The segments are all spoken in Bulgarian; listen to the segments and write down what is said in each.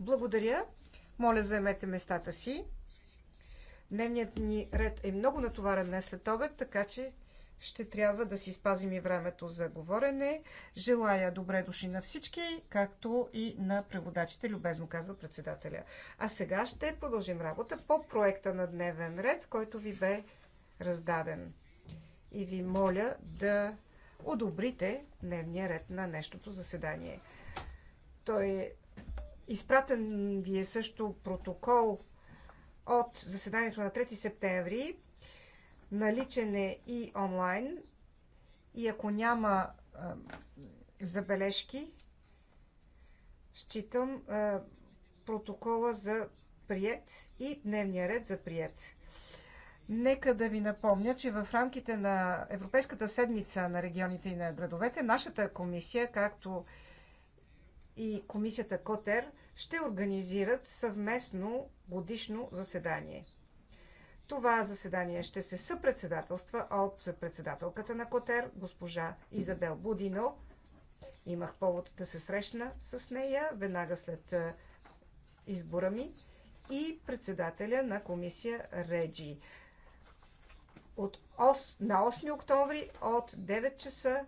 Благодаря. Моля, заемете местата си. Дневният ни ред е много натоварен днес след обед, така че ще трябва да си спазим и времето за говорене. Желая добре души на всички, както и на преводачите, любезно казва председателя. А сега ще продължим работа по проекта на дневен ред, който ви бе раздаден. И ви моля да одобрите дневния ред на нещото заседание. Той е изпратен ви е също протокол от заседанието на 3 септември. Наличен е и онлайн. И ако няма а, забележки, считам а, протокола за прият и дневния ред за прият. Нека да ви напомня, че в рамките на Европейската седмица на регионите и на градовете, нашата комисия, както и комисията Котер ще организират съвместно годишно заседание. Това заседание ще се съпредседателства от председателката на Котер, госпожа Изабел Будино. Имах повод да се срещна с нея веднага след избора ми и председателя на комисия Реджи. От 8, на 8 октомври от 9 часа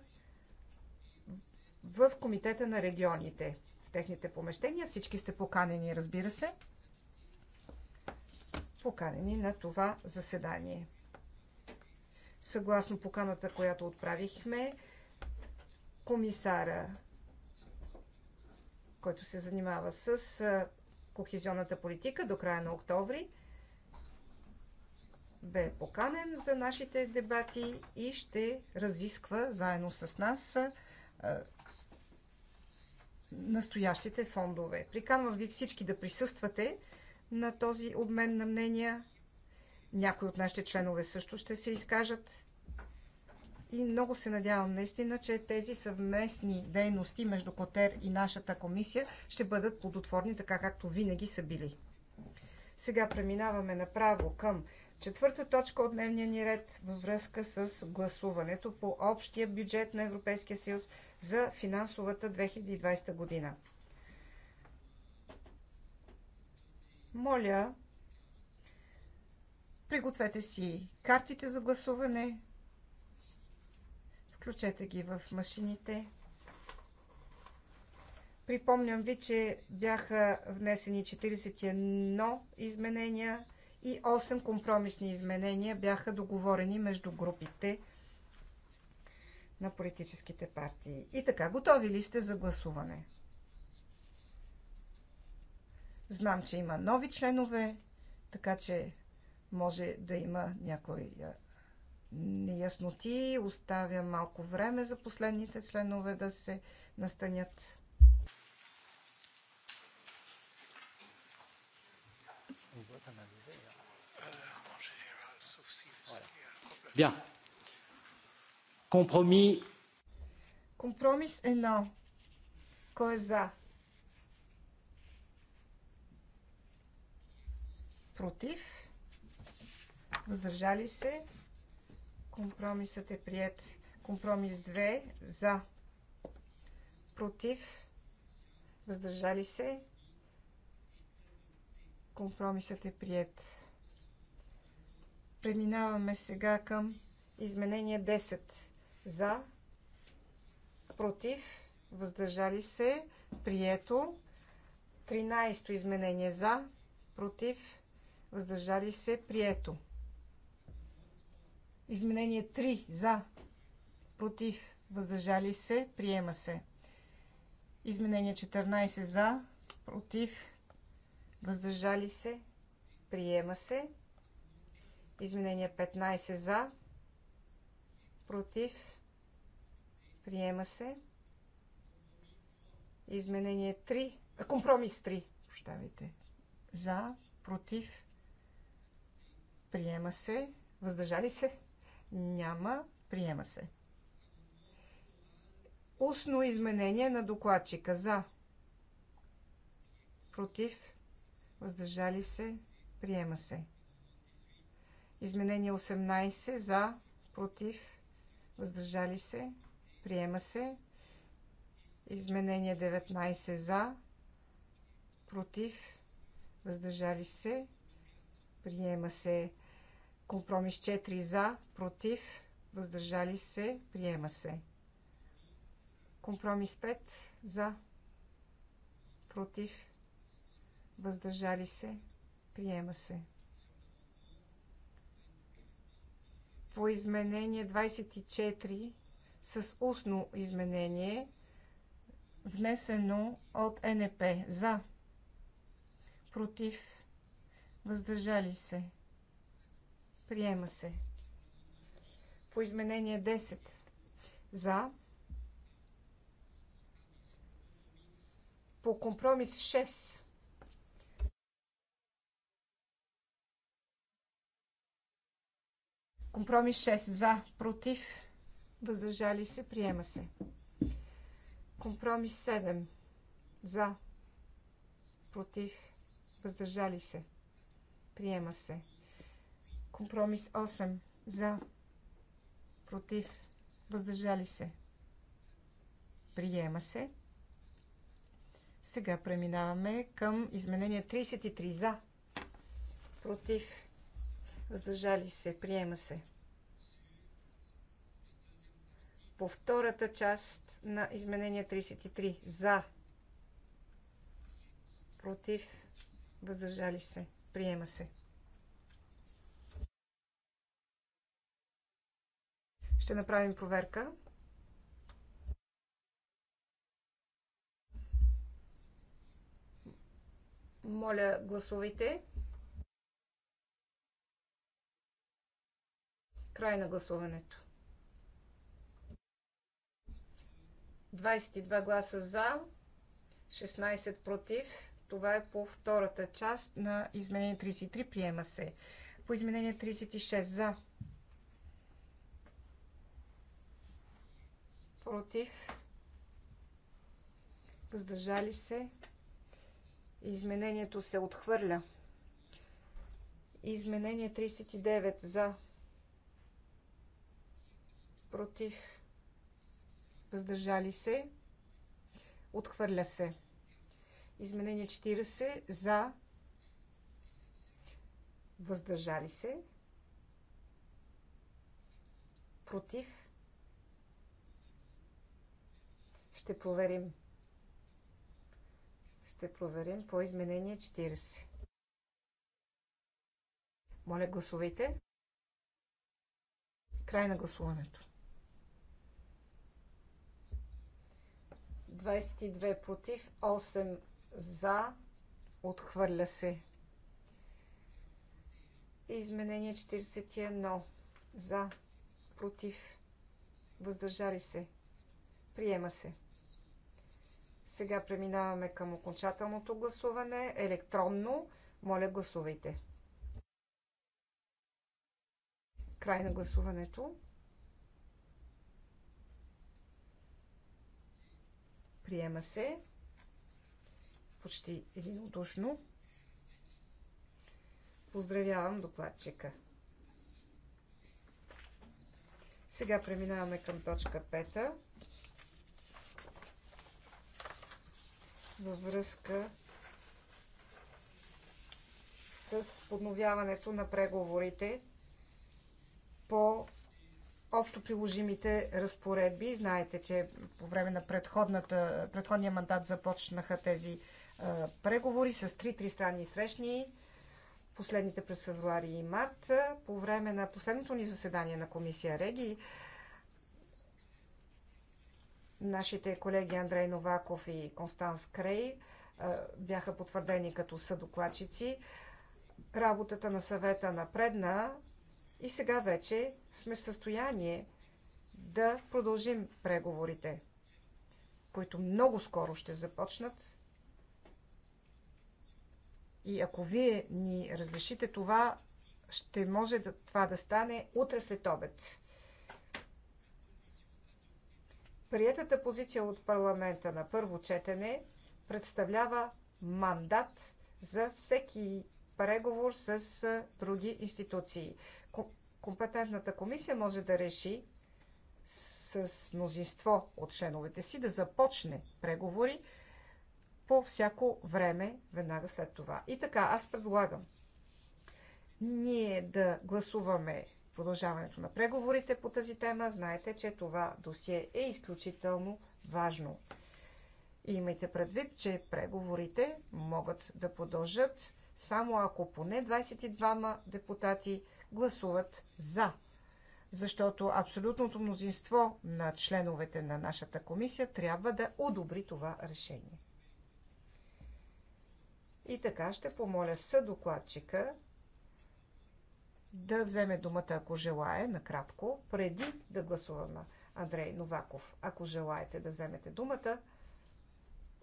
в Комитета на регионите, в техните помещения. Всички сте поканени, разбира се. Поканени на това заседание. Съгласно поканата, която отправихме, комисара, който се занимава с кохезионната политика до края на октомври, бе поканен за нашите дебати и ще разисква заедно с нас настоящите фондове. Приканвам ви всички да присъствате на този обмен на мнения. Някои от нашите членове също ще се изкажат. И много се надявам наистина, че тези съвместни дейности между Котер и нашата комисия ще бъдат плодотворни, така както винаги са били. Сега преминаваме направо към четвърта точка от дневния ни ред във връзка с гласуването по общия бюджет на Европейския съюз – за финансовата 2020 година. Моля, пригответе си картите за гласуване, включете ги в машините. Припомням ви, че бяха внесени 41 изменения и 8 компромисни изменения бяха договорени между групите – на политическите партии. И така, готови ли сте за гласуване? Знам, че има нови членове, така че може да има някои неясноти. Оставя малко време за последните членове да се настанят. Yeah. Компромис. Компромис 1. Кой е за? Против. Въздържали се. Компромисът е прият. Компромис 2. За. Против. Въздържали се. Компромисът е прият. Преминаваме сега към изменение 10 за, против, въздържали се, прието. 13-то изменение за, против, въздържали се, прието. Изменение 3 за, против, въздържали се, приема се. Изменение 14 за, против, въздържали се, приема се. Изменение 15 за, против, Приема се. Изменение 3. Компромис 3. Прощавайте. За, против. Приема се. Въздържали се? Няма. Приема се. Устно изменение на докладчика. За. Против. Въздържали се. Приема се. Изменение 18. За. Против. Въздържали се. Приема се. Изменение 19 за. Против. Въздържали се. Приема се. Компромис 4 за. Против. Въздържали се. Приема се. Компромис 5 за. Против. Въздържали се. Приема се. По изменение 24 с устно изменение, внесено от НП. За. Против. Въздържали се. Приема се. По изменение 10. За. По компромис 6. Компромис 6. За. Против въздържали се, приема се. Компромис 7 за, против, въздържали се, приема се. Компромис 8 за, против, въздържали се, приема се. Сега преминаваме към изменение 33 за, против, въздържали се, приема се по втората част на изменение 33. За. Против. Въздържали се. Приема се. Ще направим проверка. Моля, гласувайте. Край на гласуването. 22 гласа за, 16 против. Това е по втората част на изменение 33. Приема се. По изменение 36 за. Против. Въздържали се. Изменението се отхвърля. Изменение 39 за. Против въздържали се, отхвърля се. Изменение 40 за, въздържали се, против. Ще проверим. Ще проверим по изменение 40. Моля, гласувайте. Край на гласуването. 22 против, 8 за, отхвърля се. Изменение 41 за, против, въздържали се, приема се. Сега преминаваме към окончателното гласуване, електронно. Моля, гласувайте. Край на гласуването. Приема се. Почти единодушно. Поздравявам докладчика. Сега преминаваме към точка 5. Във връзка с подновяването на преговорите по общо приложимите разпоредби. Знаете, че по време на предходния мандат започнаха тези а, преговори с три тристранни срещни, последните през февруари и март. По време на последното ни заседание на комисия Реги, нашите колеги Андрей Новаков и Констанс Крей а, бяха потвърдени като съдокладчици. Работата на съвета напредна и сега вече сме в състояние да продължим преговорите, които много скоро ще започнат. И ако вие ни разрешите това, ще може да, това да стане утре след обед. Приетата позиция от парламента на първо четене представлява мандат за всеки преговор с други институции компетентната комисия може да реши с мнозинство от членовете си да започне преговори по всяко време, веднага след това. И така, аз предлагам ние да гласуваме продължаването на преговорите по тази тема. Знаете, че това досие е изключително важно. И имайте предвид, че преговорите могат да продължат само ако поне 22 депутати гласуват за. Защото абсолютното мнозинство на членовете на нашата комисия трябва да одобри това решение. И така ще помоля съдокладчика да вземе думата, ако желае, накратко, преди да гласуваме Андрей Новаков. Ако желаете да вземете думата,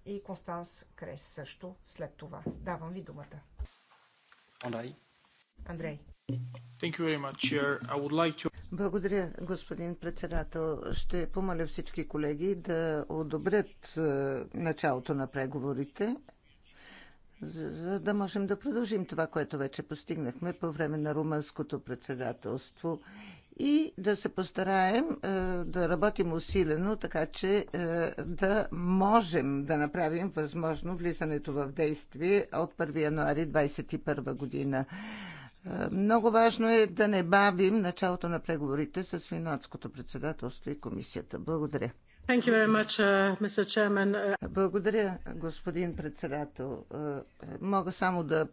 и Констанс Крес също след това. Давам ви думата. Андрей. Андрей. Thank you very much, Chair. I would like to... Благодаря, господин председател. Ще помоля всички колеги да одобрят е, началото на преговорите, за да можем да продължим това, което вече постигнахме по време на румънското председателство и да се постараем е, да работим усилено, така че е, да можем да направим възможно влизането в действие от 1 януари 2021 година. Много важно е да не бавим началото на преговорите с финландското председателство и комисията. Благодаря. Thank you very much, uh, Mr. Chairman. Благодаря, господин председател. Е, мога само да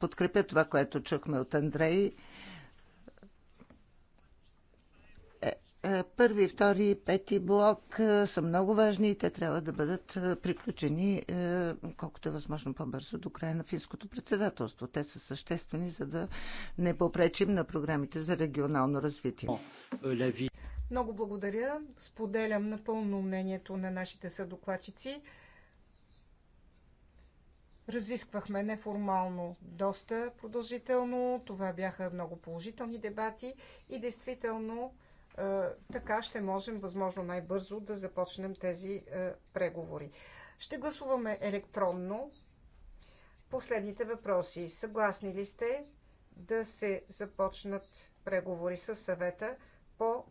подкрепя това, което чухме от Андрей. Е, първи, втори пети блок е, са много важни и те трябва да бъдат е, приключени колкото е възможно по-бързо до края на финското председателство. Те са съществени, за да не попречим на програмите за регионално развитие. Много благодаря. Споделям напълно мнението на нашите съдокладчици. Разисквахме неформално доста продължително. Това бяха много положителни дебати и действително е, така ще можем възможно най-бързо да започнем тези е, преговори. Ще гласуваме електронно. Последните въпроси. Съгласни ли сте да се започнат преговори с съвета по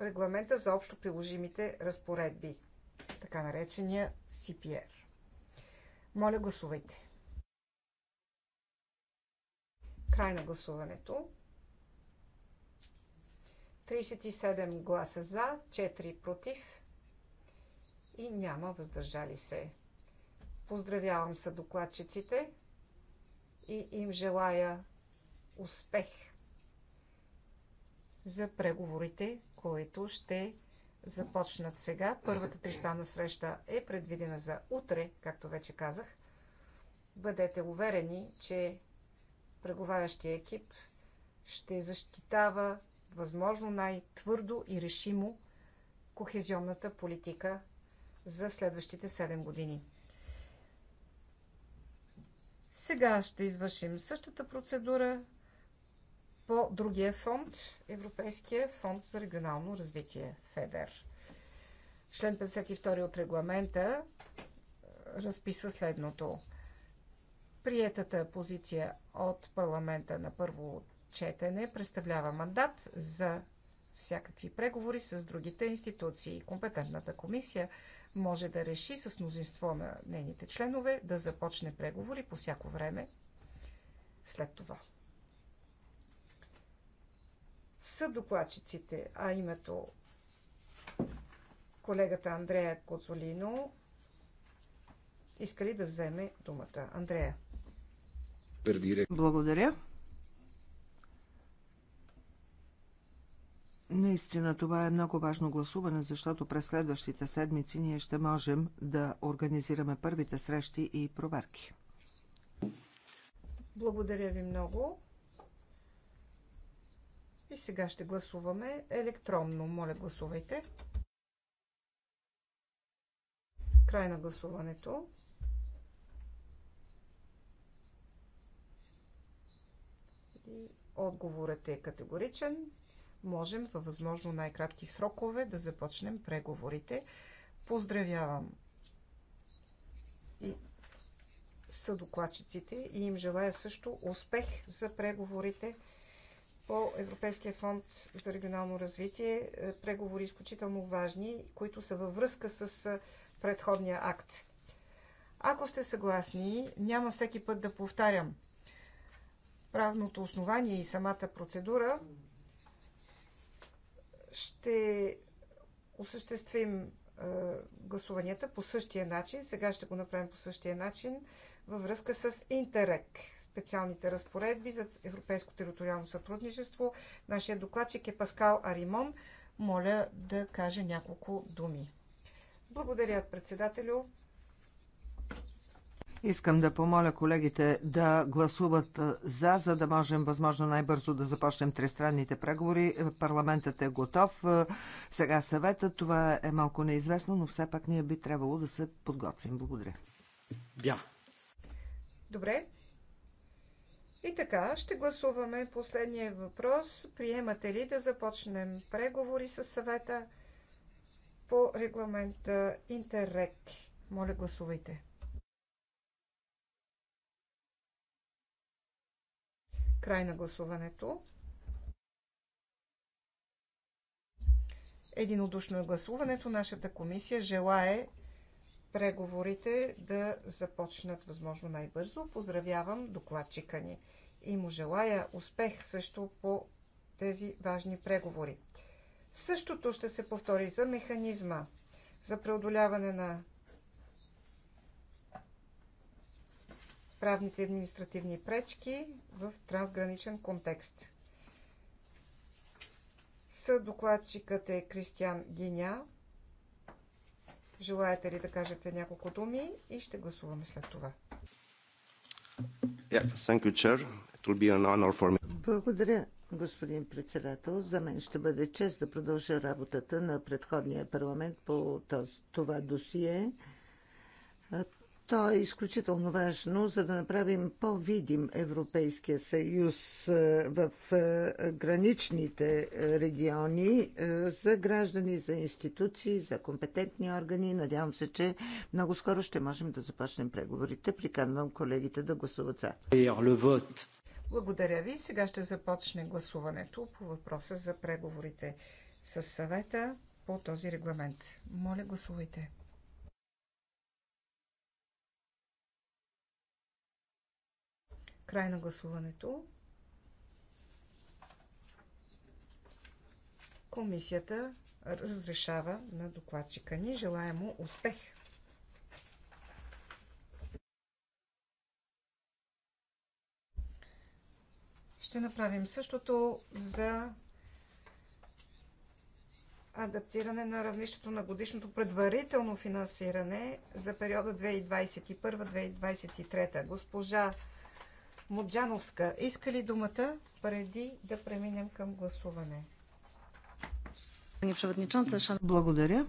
регламента за общо приложимите разпоредби, така наречения CPR? Моля, гласувайте. Край на гласуването. 37 гласа за, 4 против и няма въздържали се. Поздравявам са докладчиците и им желая успех за преговорите, които ще започнат сега. Първата тристана среща е предвидена за утре, както вече казах. Бъдете уверени, че преговарящия екип ще защитава възможно най-твърдо и решимо кохезионната политика за следващите 7 години. Сега ще извършим същата процедура по другия фонд, Европейския фонд за регионално развитие, ФЕДЕР. Член 52 от регламента разписва следното. Приетата позиция от парламента на първо четене представлява мандат за всякакви преговори с другите институции. Компетентната комисия може да реши с мнозинство на нейните членове да започне преговори по всяко време след това. Съдокладчиците, а името колегата Андрея Коцолино искали да вземе думата? Андрея. Благодаря. Наистина това е много важно гласуване, защото през следващите седмици ние ще можем да организираме първите срещи и проверки. Благодаря ви много. И сега ще гласуваме електронно. Моля, гласувайте. Край на гласуването. И отговорът е категоричен можем във възможно най-кратки срокове да започнем преговорите. Поздравявам и съдокладчиците и им желая също успех за преговорите по Европейския фонд за регионално развитие. Преговори изключително важни, които са във връзка с предходния акт. Ако сте съгласни, няма всеки път да повтарям правното основание и самата процедура ще осъществим гласуванията по същия начин. Сега ще го направим по същия начин във връзка с Интерек, специалните разпоредби за европейско териториално сътрудничество. Нашия докладчик е Паскал Аримон. Моля да каже няколко думи. Благодаря, председателю. Искам да помоля колегите да гласуват за, за да можем възможно най-бързо да започнем тристранните преговори. Е, парламентът е готов. Е, сега съвета. Това е малко неизвестно, но все пак ние би трябвало да се подготвим. Благодаря. Да. Добре. И така, ще гласуваме последния въпрос. Приемате ли да започнем преговори с съвета по регламента Интеррек? Моля, гласувайте. Край на гласуването. Единодушно е гласуването. Нашата комисия желае преговорите да започнат възможно най-бързо. Поздравявам докладчика ни и му желая успех също по тези важни преговори. Същото ще се повтори за механизма за преодоляване на правните и административни пречки в трансграничен контекст. Съдокладчикът е Кристиан Гиня. Желаете ли да кажете няколко думи и ще гласуваме след това. Благодаря, господин председател. За мен ще бъде чест да продължа работата на предходния парламент по това досие. То е изключително важно, за да направим по-видим Европейския съюз е, в е, граничните е, региони за граждани, за институции, за компетентни органи. Надявам се, че много скоро ще можем да започнем преговорите. Приканвам колегите да гласуват за. Благодаря ви. Сега ще започне гласуването по въпроса за преговорите с съвета по този регламент. Моля, гласувайте. Край на гласуването. Комисията разрешава на докладчика ни. Желая му успех! Ще направим същото за адаптиране на равнището на годишното предварително финансиране за периода 2021-2023. Госпожа Моджановска, иска ли думата преди да преминем към гласуване? Благодаря.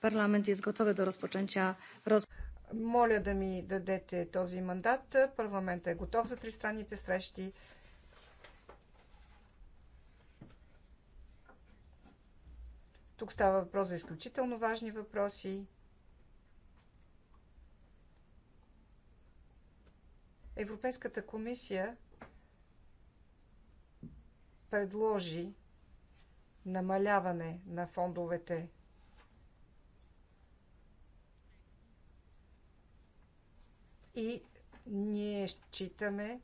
Парламент е готов gotowy do Моля да ми дадете този мандат. Парламентът е готов за тристранните срещи. Тук става въпрос за изключително важни въпроси. Европейската комисия предложи намаляване на фондовете и ние считаме,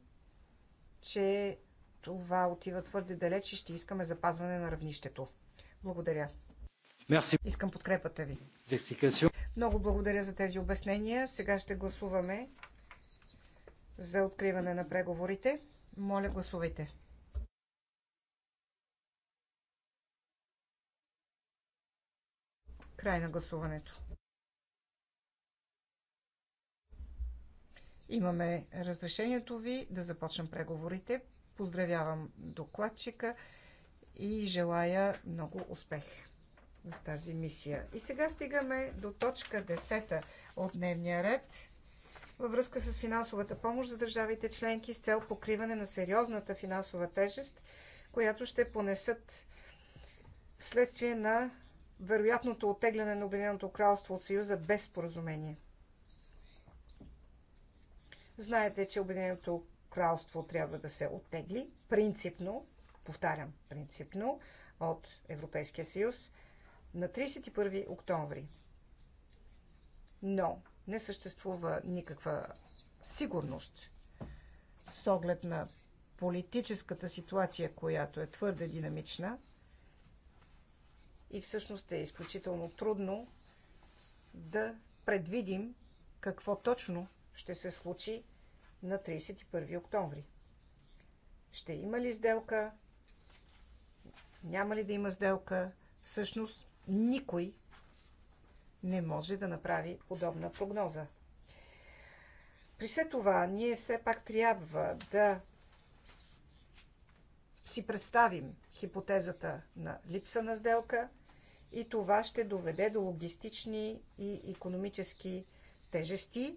че това отива твърде далеч и ще искаме запазване на равнището. Благодаря. Merci. Искам подкрепата ви. Много благодаря за тези обяснения. Сега ще гласуваме за откриване на преговорите. Моля, гласувайте. Край на гласуването. Имаме разрешението ви да започнем преговорите. Поздравявам докладчика и желая много успех в тази мисия. И сега стигаме до точка 10 от дневния ред – във връзка с финансовата помощ за държавите членки с цел покриване на сериозната финансова тежест, която ще понесат вследствие на вероятното оттегляне на Обединеното кралство от Съюза без споразумение. Знаете, че Обединеното кралство трябва да се оттегли принципно, повтарям, принципно от Европейския съюз на 31 октомври. Но не съществува никаква сигурност с оглед на политическата ситуация, която е твърде динамична и всъщност е изключително трудно да предвидим какво точно ще се случи на 31 октомври. Ще има ли сделка? Няма ли да има сделка? Всъщност никой не може да направи подобна прогноза. При все това, ние все пак трябва да си представим хипотезата на липса на сделка и това ще доведе до логистични и економически тежести,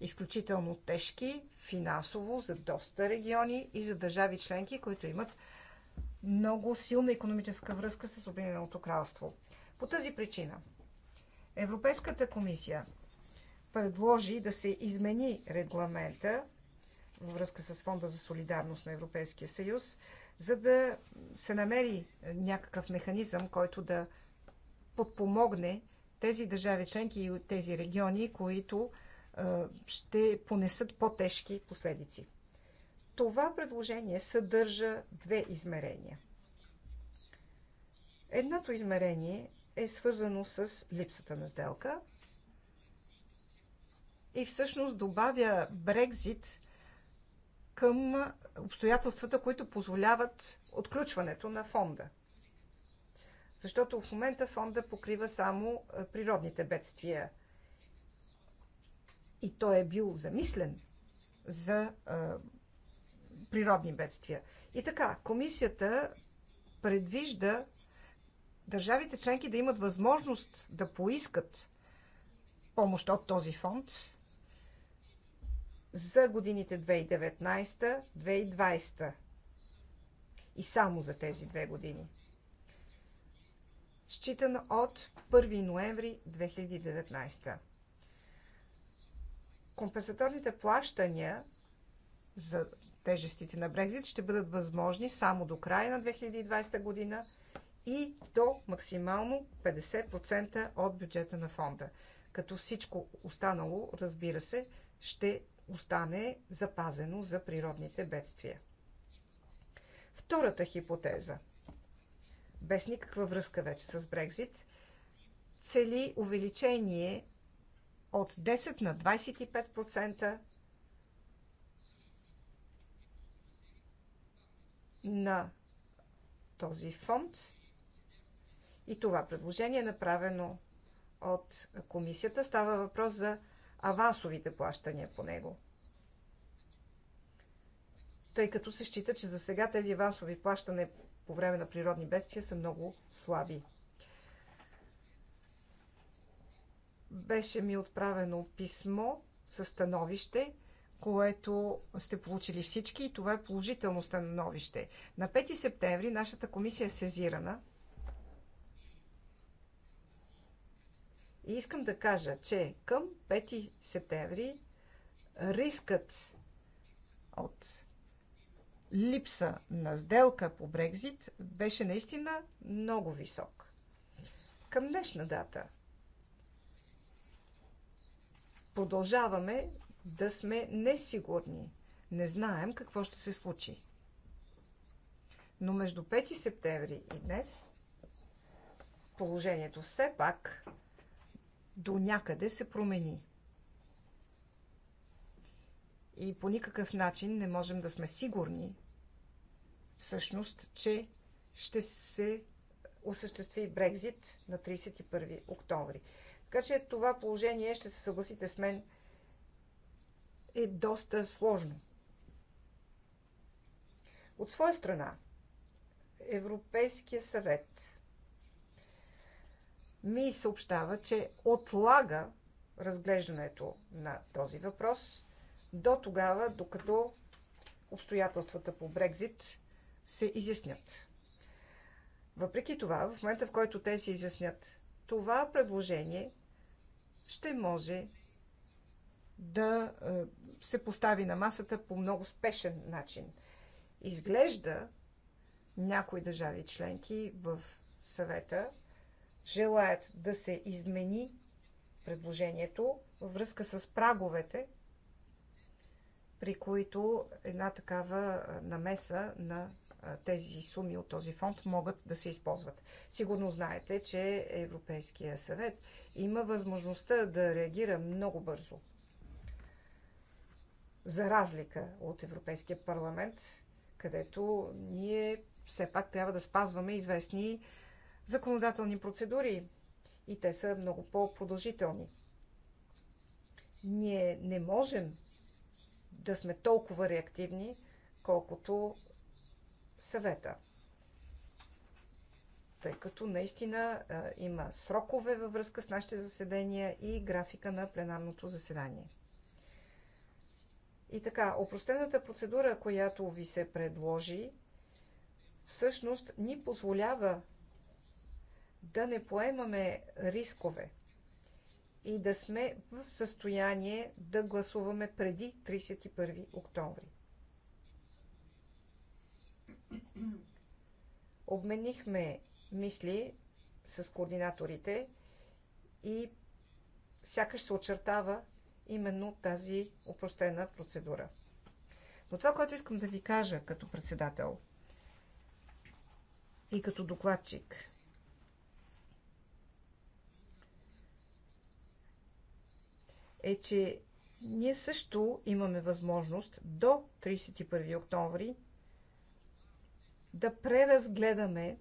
изключително тежки финансово за доста региони и за държави членки, които имат много силна економическа връзка с Обединеното кралство. По тази причина Европейската комисия предложи да се измени регламента във връзка с Фонда за солидарност на Европейския съюз, за да се намери някакъв механизъм, който да подпомогне тези държави членки и тези региони, които ще понесат по-тежки последици. Това предложение съдържа две измерения. Едното измерение е свързано с липсата на сделка и всъщност добавя Брекзит към обстоятелствата, които позволяват отключването на фонда. Защото в момента фонда покрива само е, природните бедствия. И той е бил замислен за е, природни бедствия. И така, комисията предвижда държавите членки да имат възможност да поискат помощ от този фонд за годините 2019-2020 и само за тези две години. считан от 1 ноември 2019. Компенсаторните плащания за тежестите на Брекзит ще бъдат възможни само до края на 2020 година и до максимално 50% от бюджета на фонда. Като всичко останало, разбира се, ще остане запазено за природните бедствия. Втората хипотеза, без никаква връзка вече с Брекзит, цели увеличение от 10 на 25% на този фонд – и това предложение е направено от комисията. Става въпрос за авансовите плащания по него. Тъй като се счита, че за сега тези авансови плащане по време на природни бедствия са много слаби. Беше ми отправено писмо със становище, което сте получили всички и това е положително становище. На 5 септември нашата комисия е сезирана И искам да кажа, че към 5 септември рискът от липса на сделка по Брекзит беше наистина много висок. Към днешна дата продължаваме да сме несигурни. Не знаем какво ще се случи. Но между 5 септември и днес положението все пак до някъде се промени. И по никакъв начин не можем да сме сигурни, всъщност, че ще се осъществи Брекзит на 31 октомври. Така че това положение, ще се съгласите с мен, е доста сложно. От своя страна, Европейския съвет ми съобщава, че отлага разглеждането на този въпрос до тогава, докато обстоятелствата по Брекзит се изяснят. Въпреки това, в момента в който те се изяснят, това предложение ще може да е, се постави на масата по много спешен начин. Изглежда някои държави членки в съвета желаят да се измени предложението във връзка с праговете, при които една такава намеса на тези суми от този фонд могат да се използват. Сигурно знаете, че Европейския съвет има възможността да реагира много бързо. За разлика от Европейския парламент, където ние все пак трябва да спазваме известни законодателни процедури и те са много по-продължителни. Ние не можем да сме толкова реактивни, колкото съвета. Тъй като наистина има срокове във връзка с нашите заседания и графика на пленарното заседание. И така, опростената процедура, която ви се предложи, всъщност ни позволява да не поемаме рискове и да сме в състояние да гласуваме преди 31 октомври. Обменихме мисли с координаторите и сякаш се очертава именно тази упростена процедура. Но това, което искам да ви кажа като председател и като докладчик е, че ние също имаме възможност до 31 октомври да преразгледаме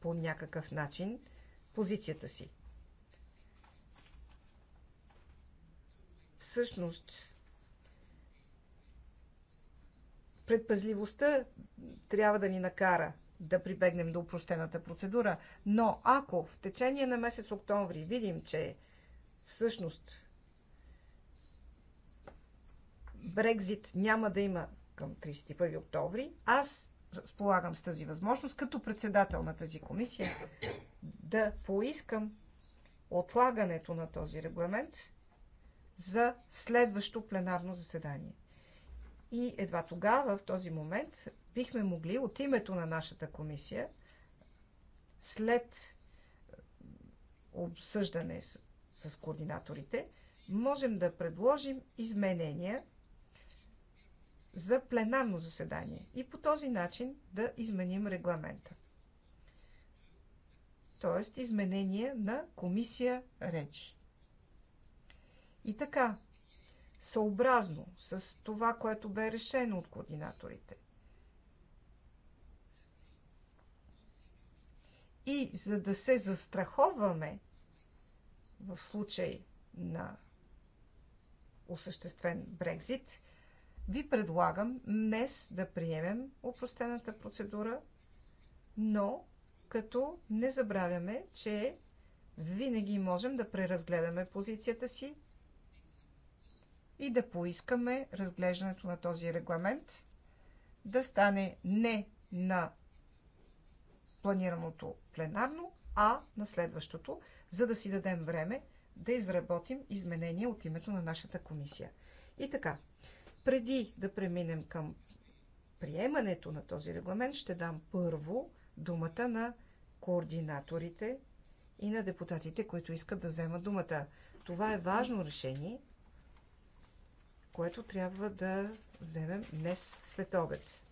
по някакъв начин позицията си. Всъщност, предпазливостта трябва да ни накара да прибегнем до упростената процедура, но ако в течение на месец октомври видим, че всъщност Брекзит няма да има към 31 октомври, аз разполагам с тази възможност като председател на тази комисия да поискам отлагането на този регламент за следващо пленарно заседание. И едва тогава, в този момент, бихме могли от името на нашата комисия, след е, обсъждане с, с координаторите, можем да предложим изменения за пленарно заседание и по този начин да изменим регламента. Тоест изменение на комисия речи. И така, съобразно с това, което бе решено от координаторите, и за да се застраховаме в случай на осъществен Брекзит, ви предлагам днес да приемем упростената процедура, но като не забравяме, че винаги можем да преразгледаме позицията си и да поискаме разглеждането на този регламент да стане не на планираното пленарно, а на следващото, за да си дадем време да изработим изменения от името на нашата комисия. И така, преди да преминем към приемането на този регламент, ще дам първо думата на координаторите и на депутатите, които искат да вземат думата. Това е важно решение, което трябва да вземем днес след обед.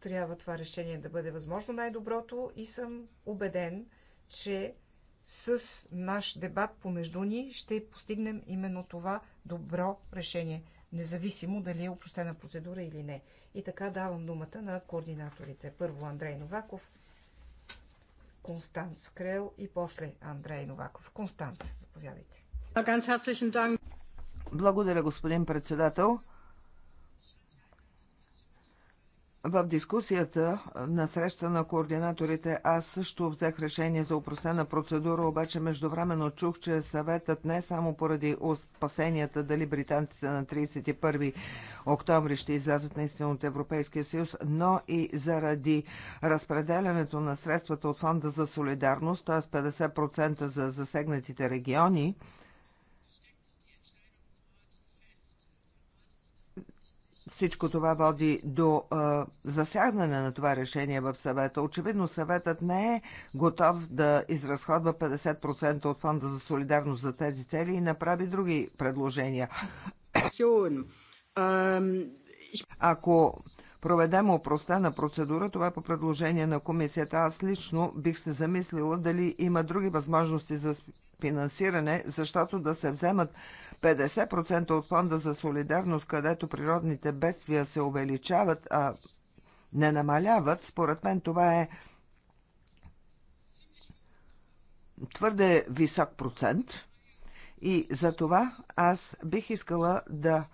Трябва това решение да бъде възможно най-доброто и съм убеден, че с наш дебат помежду ни ще постигнем именно това добро решение, независимо дали е упростена процедура или не. И така давам думата на координаторите. Първо Андрей Новаков, Констанц Крел и после Андрей Новаков. Констанц, заповядайте. Благодаря, господин председател. В дискусията на среща на координаторите аз също взех решение за упростена процедура, обаче междувременно чух, че съветът не само поради спасенията дали британците на 31 октомври ще излязат наистина от Европейския съюз, но и заради разпределянето на средствата от Фонда за солидарност, т.е. 50% за засегнатите региони, Всичко това води до а, засягнане на това решение в съвета. Очевидно съветът не е готов да изразходва 50% от фонда за солидарност за тези цели и направи други предложения. Ако проведем опростена процедура, това е по предложение на комисията. Аз лично бих се замислила дали има други възможности за финансиране, защото да се вземат 50% от фонда за солидарност, където природните бедствия се увеличават, а не намаляват, според мен това е твърде висок процент. И за това аз бих искала да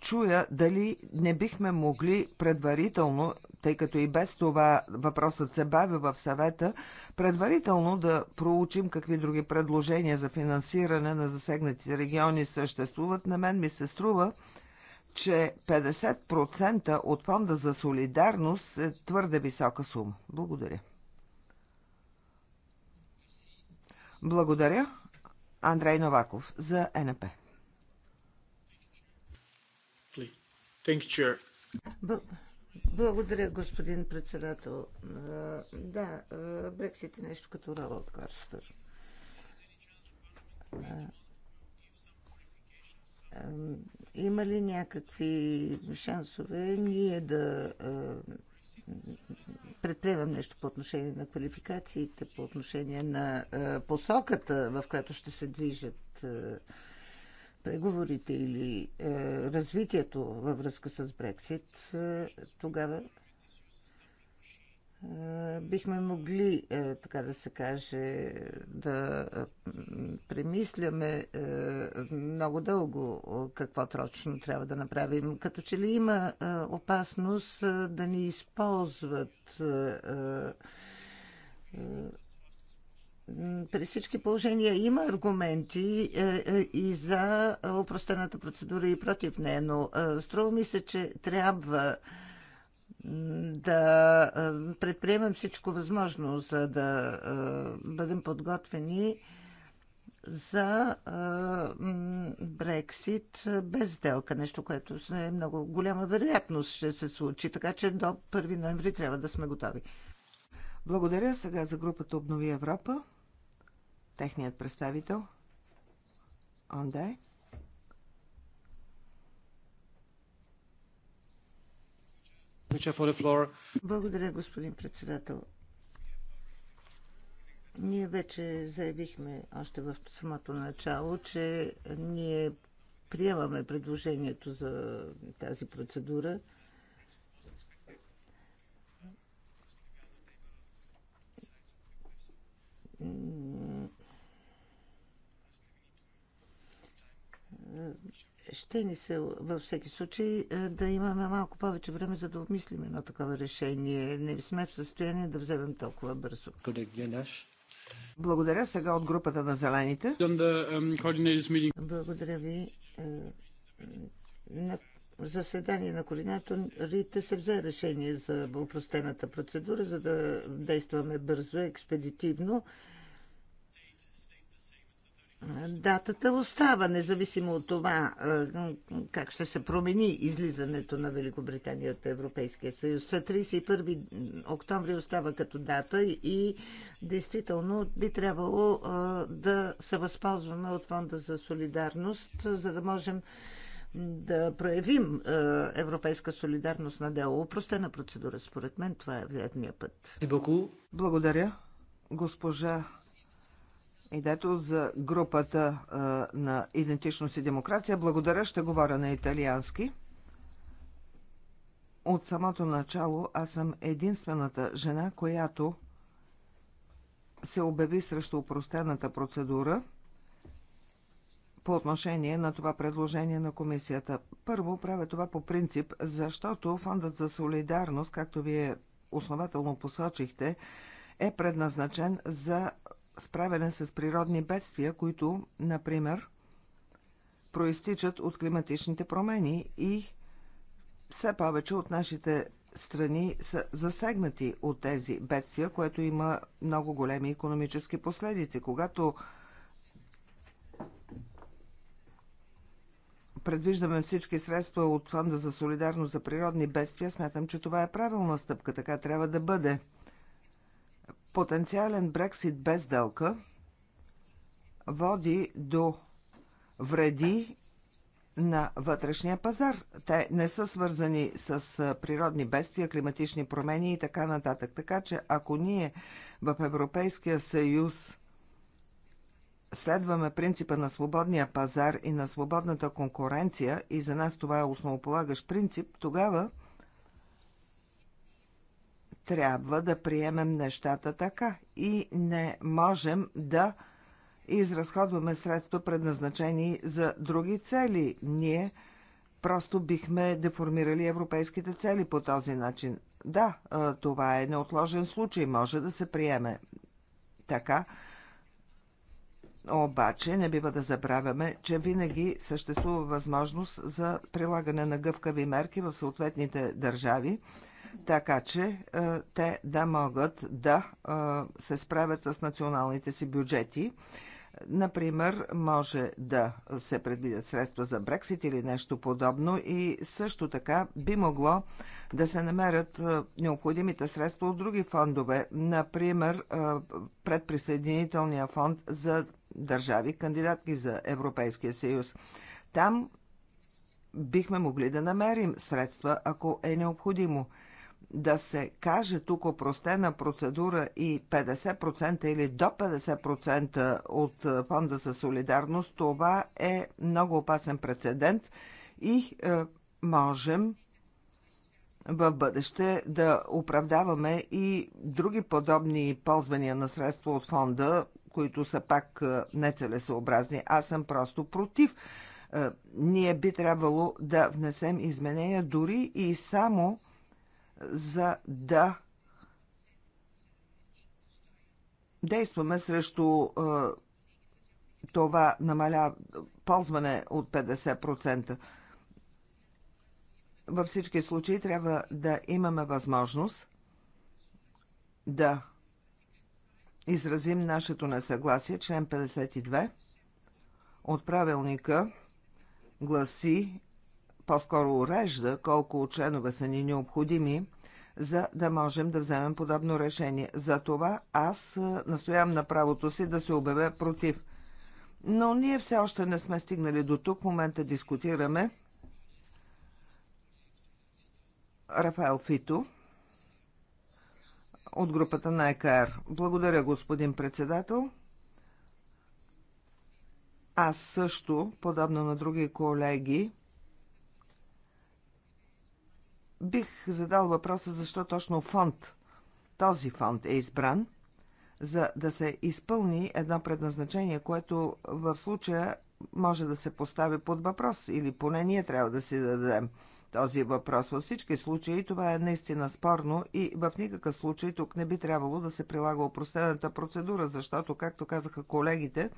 чуя дали не бихме могли предварително, тъй като и без това въпросът се бави в съвета, предварително да проучим какви други предложения за финансиране на засегнатите региони съществуват. На мен ми се струва, че 50% от фонда за солидарност е твърде висока сума. Благодаря. Благодаря, Андрей Новаков, за НП. Благодаря, господин председател. Да, Брексит е нещо като Ролот Карстър. Има ли някакви шансове ние да предприемам нещо по отношение на квалификациите, по отношение на посоката, в която ще се движат преговорите или е, развитието във връзка с Брексит, е, тогава е, бихме могли, е, така да се каже, да е, премисляме е, много дълго е, какво точно трябва да направим. Като че ли има е, опасност е, да ни използват. Е, е, при всички положения има аргументи е, е, и за упростената процедура и против нея, но е, струва ми се, че трябва да предприемем всичко възможно, за да бъдем подготвени за Брексит без сделка. Нещо, което е много голяма вероятност ще се случи. Така че до 1 ноември трябва да сме готови. Благодаря сега за групата Обнови Европа техният представител. Онде е. Благодаря, господин председател. Ние вече заявихме още в самото начало, че ние приемаме предложението за тази процедура. ще ни се във всеки случай е, да имаме малко повече време, за да обмислим едно такова решение. Не сме в състояние да вземем толкова бързо. Благодаря сега от групата на зелените. Благодаря ви. Е, на заседание на координаторите се взе решение за упростената процедура, за да действаме бързо, експедитивно Датата остава, независимо от това как ще се промени излизането на Великобритания от Европейския съюз. 31 октомври остава като дата и действително би трябвало да се възползваме от Фонда за солидарност, за да можем да проявим европейска солидарност на дело. Упростена процедура, според мен, това е вредния път. Благодаря, госпожа Идето за групата на идентичност и демокрация. Благодаря, ще говоря на италиански. От самото начало аз съм единствената жена, която се обяви срещу упростената процедура по отношение на това предложение на комисията. Първо правя това по принцип, защото Фондът за солидарност, както вие основателно посочихте, е предназначен за справяне с природни бедствия, които, например, проистичат от климатичните промени и все повече от нашите страни са засегнати от тези бедствия, което има много големи економически последици. Когато предвиждаме всички средства от Фонда за солидарност за природни бедствия, смятам, че това е правилна стъпка. Така трябва да бъде потенциален Брексит без делка води до вреди на вътрешния пазар. Те не са свързани с природни бедствия, климатични промени и така нататък. Така че ако ние в Европейския съюз следваме принципа на свободния пазар и на свободната конкуренция, и за нас това е основополагащ принцип, тогава трябва да приемем нещата така и не можем да изразходваме средства предназначени за други цели. Ние просто бихме деформирали европейските цели по този начин. Да, това е неотложен случай, може да се приеме така. Обаче не бива да забравяме, че винаги съществува възможност за прилагане на гъвкави мерки в съответните държави така че е, те да могат да е, се справят с националните си бюджети. Например, може да се предвидят средства за Брексит или нещо подобно и също така би могло да се намерят е, необходимите средства от други фондове, например предприсъединителния фонд за държави кандидатки за Европейския съюз. Там бихме могли да намерим средства, ако е необходимо да се каже тук опростена процедура и 50% или до 50% от е, фонда за солидарност, това е много опасен прецедент и е, можем в бъдеще да оправдаваме и други подобни ползвания на средства от фонда, които са пак е, нецелесообразни. Аз съм просто против. Е, ние би трябвало да внесем изменения дори и само за да действаме срещу това намаля ползване от 50%. Във всички случаи трябва да имаме възможност да изразим нашето несъгласие. Член 52 от правилника гласи по-скоро урежда колко членове са ни необходими, за да можем да вземем подобно решение. За това аз настоявам на правото си да се обявя против. Но ние все още не сме стигнали до тук. В момента дискутираме Рафаел Фито от групата на ЕКР. Благодаря, господин председател. Аз също, подобно на други колеги, Бих задал въпроса защо точно фонд, този фонд е избран, за да се изпълни едно предназначение, което в случая може да се постави под въпрос или поне ние трябва да си дадем този въпрос. Във всички случаи това е наистина спорно и в никакъв случай тук не би трябвало да се прилага опростената процедура, защото, както казаха колегите,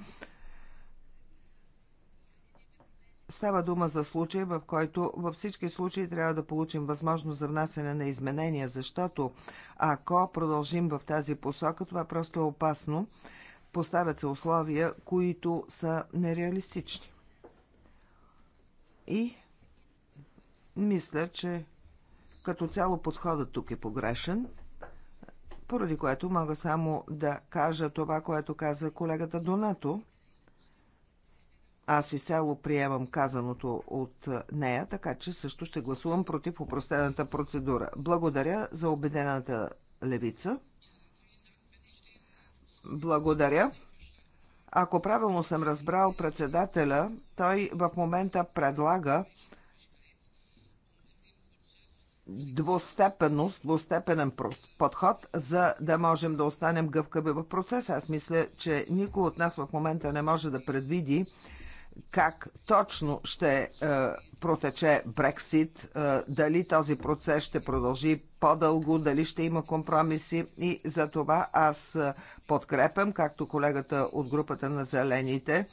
Става дума за случай, в който във всички случаи трябва да получим възможност за внасяне на изменения, защото ако продължим в тази посока, това просто е опасно. Поставят се условия, които са нереалистични. И мисля, че като цяло подходът тук е погрешен, поради което мога само да кажа това, което каза колегата Донато – аз и село приемам казаното от нея, така че също ще гласувам против упростената процедура. Благодаря за обедената левица. Благодаря. Ако правилно съм разбрал председателя, той в момента предлага двустепенност, двустепенен подход, за да можем да останем гъвкави в процеса. Аз мисля, че никой от нас в момента не може да предвиди как точно ще е, протече Брексит, е, дали този процес ще продължи по-дълго, дали ще има компромиси и за това аз е, подкрепям, както колегата от групата на зелените,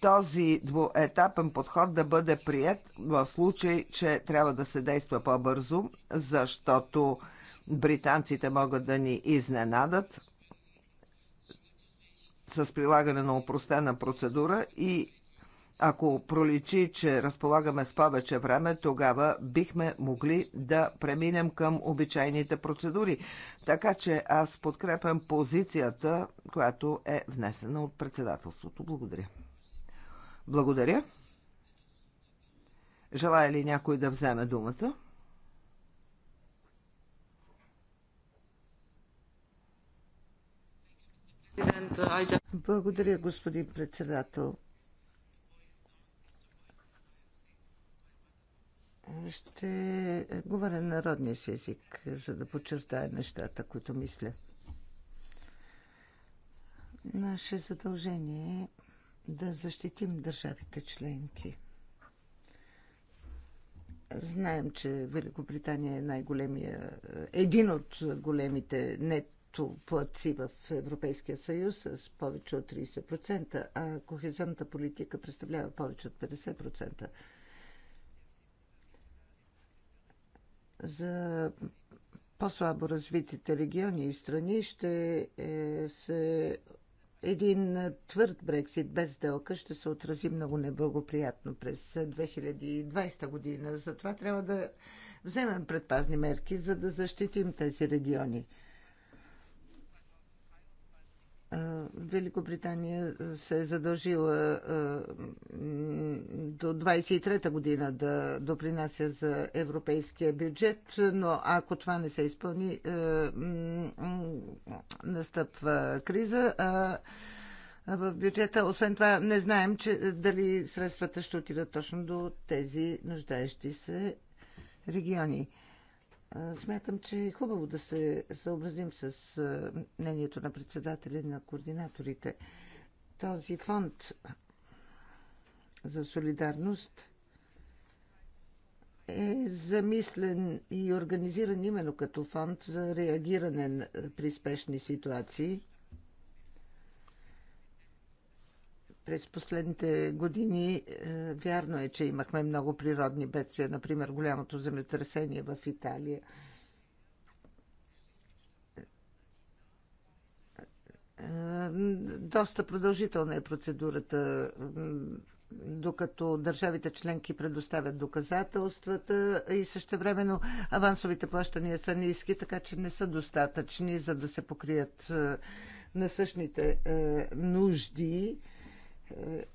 този двуетапен подход да бъде прият в случай, че трябва да се действа по-бързо, защото британците могат да ни изненадат с прилагане на упростена процедура и ако проличи, че разполагаме с повече време, тогава бихме могли да преминем към обичайните процедури. Така че аз подкрепям позицията, която е внесена от председателството. Благодаря. Благодаря. Желая ли някой да вземе думата? Благодаря, господин председател. Ще говоря народния си език, за да подчертая нещата, които мисля. Наше задължение е да защитим държавите членки. Знаем, че Великобритания е най-големия, един от големите нето платци в Европейския съюз с повече от 30%, а кохезионната политика представлява повече от 50%. за по-слабо развитите региони и страни ще е, се един твърд Брексит без сделка ще се отрази много неблагоприятно през 2020 година. Затова трябва да вземем предпазни мерки, за да защитим тези региони. Е, Великобритания се е задължила е, до 23-та година да допринася за европейския бюджет, но ако това не се изпълни, е, настъпва криза в бюджета. Освен това, не знаем, че дали средствата ще отидат точно до тези нуждаещи се региони. Е, смятам, че е хубаво да се съобразим с е, мнението на председателя на координаторите. Този фонд за солидарност е замислен и организиран именно като фонд за реагиране при спешни ситуации. През последните години е, вярно е, че имахме много природни бедствия, например голямото земетресение в Италия. Е, доста продължителна е процедурата докато държавите членки предоставят доказателствата и времено авансовите плащания са ниски, така че не са достатъчни, за да се покрият е, насъщните е, нужди. Е,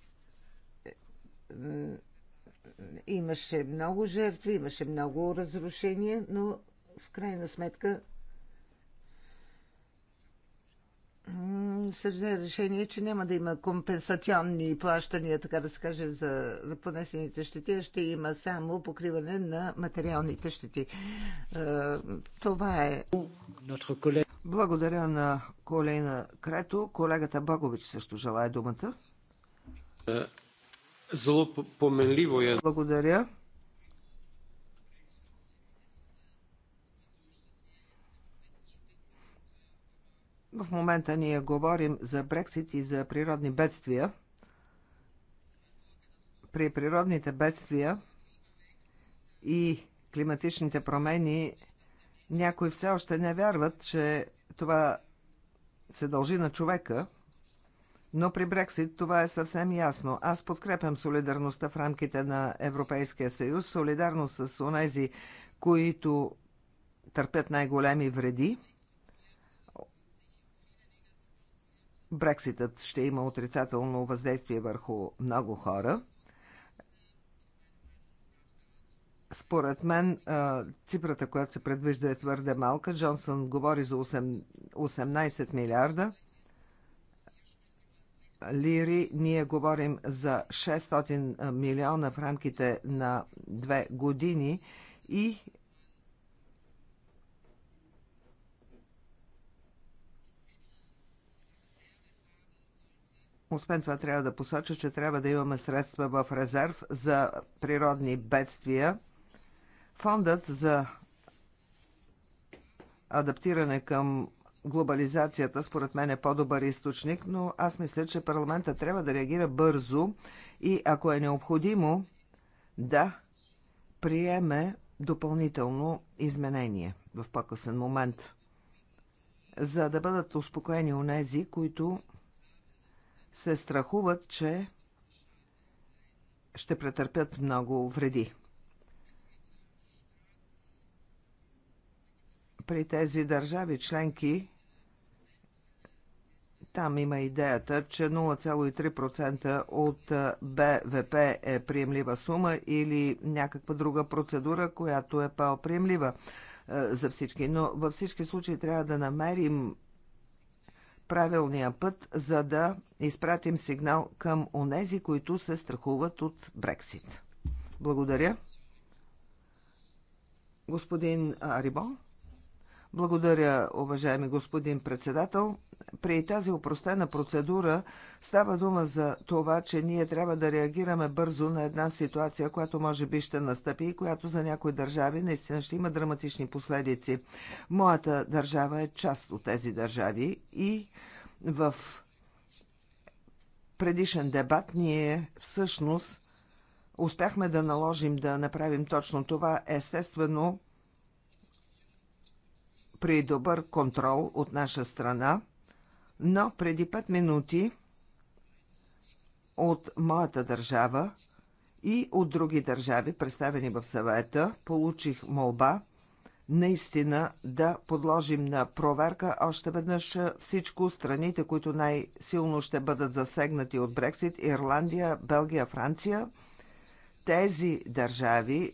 имаше много жертви, имаше много разрушения, но в крайна сметка се взе решение, че няма да има компенсационни плащания, така да се каже, за понесените щети, а ще има само покриване на материалните щети. Е, това е. Благодаря на Колена Крето. Колегата Багович също желая думата. Е, зло поменливо е. Благодаря. В момента ние говорим за Брексит и за природни бедствия. При природните бедствия и климатичните промени някои все още не вярват, че това се дължи на човека, но при Брексит това е съвсем ясно. Аз подкрепям солидарността в рамките на Европейския съюз, солидарност с онези, които търпят най-големи вреди – Брекситът ще има отрицателно въздействие върху много хора. Според мен цифрата, която се предвижда е твърде малка. Джонсън говори за 8, 18 милиарда лири. Ние говорим за 600 милиона в рамките на две години и Освен това трябва да посоча, че трябва да имаме средства в резерв за природни бедствия. Фондът за адаптиране към глобализацията според мен е по-добър източник, но аз мисля, че парламента трябва да реагира бързо и ако е необходимо да приеме допълнително изменение в по-късен момент, за да бъдат успокоени нези, които се страхуват, че ще претърпят много вреди. При тези държави членки там има идеята, че 0,3% от БВП е приемлива сума или някаква друга процедура, която е по-приемлива е, за всички. Но във всички случаи трябва да намерим правилния път, за да изпратим сигнал към онези, които се страхуват от Брексит. Благодаря. Господин Рибон. Благодаря, уважаеми господин председател. При тази упростена процедура става дума за това, че ние трябва да реагираме бързо на една ситуация, която може би ще настъпи и която за някои държави наистина ще има драматични последици. Моята държава е част от тези държави и в предишен дебат ние всъщност успяхме да наложим да направим точно това. Естествено, при добър контрол от наша страна, но преди 5 минути от моята държава и от други държави, представени в съвета, получих молба наистина да подложим на проверка още веднъж всичко страните, които най-силно ще бъдат засегнати от Брексит Ирландия, Белгия, Франция. Тези държави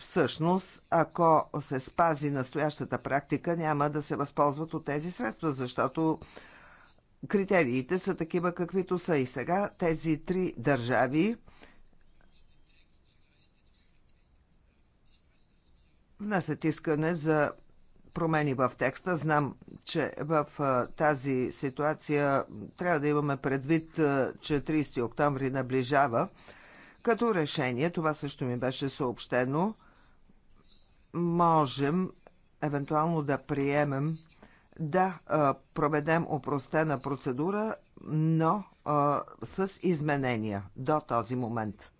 всъщност, ако се спази настоящата практика, няма да се възползват от тези средства, защото критериите са такива каквито са. И сега тези три държави внасят искане за промени в текста. Знам, че в тази ситуация трябва да имаме предвид, че 30 октомври наближава. Като решение, това също ми беше съобщено, можем евентуално да приемем да проведем опростена процедура, но с изменения до този момент.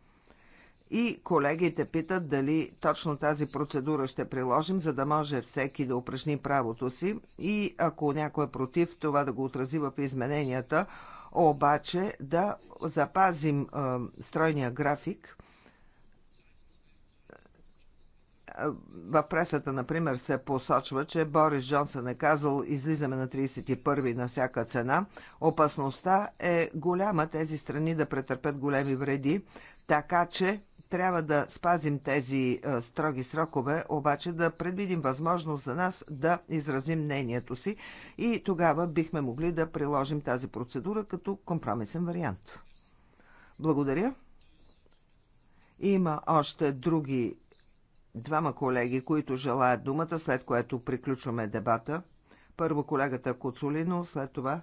И колегите питат дали точно тази процедура ще приложим, за да може всеки да упражни правото си и ако някой е против това да го отрази в измененията, обаче да запазим а, стройния график в пресата, например, се посочва, че Борис Джонсън е казал излизаме на 31-и на всяка цена. Опасността е голяма тези страни да претърпят големи вреди, така че трябва да спазим тези е, строги срокове, обаче да предвидим възможност за нас да изразим мнението си и тогава бихме могли да приложим тази процедура като компромисен вариант. Благодаря. Има още други двама колеги, които желаят думата, след което приключваме дебата. Първо колегата Коцулино, след това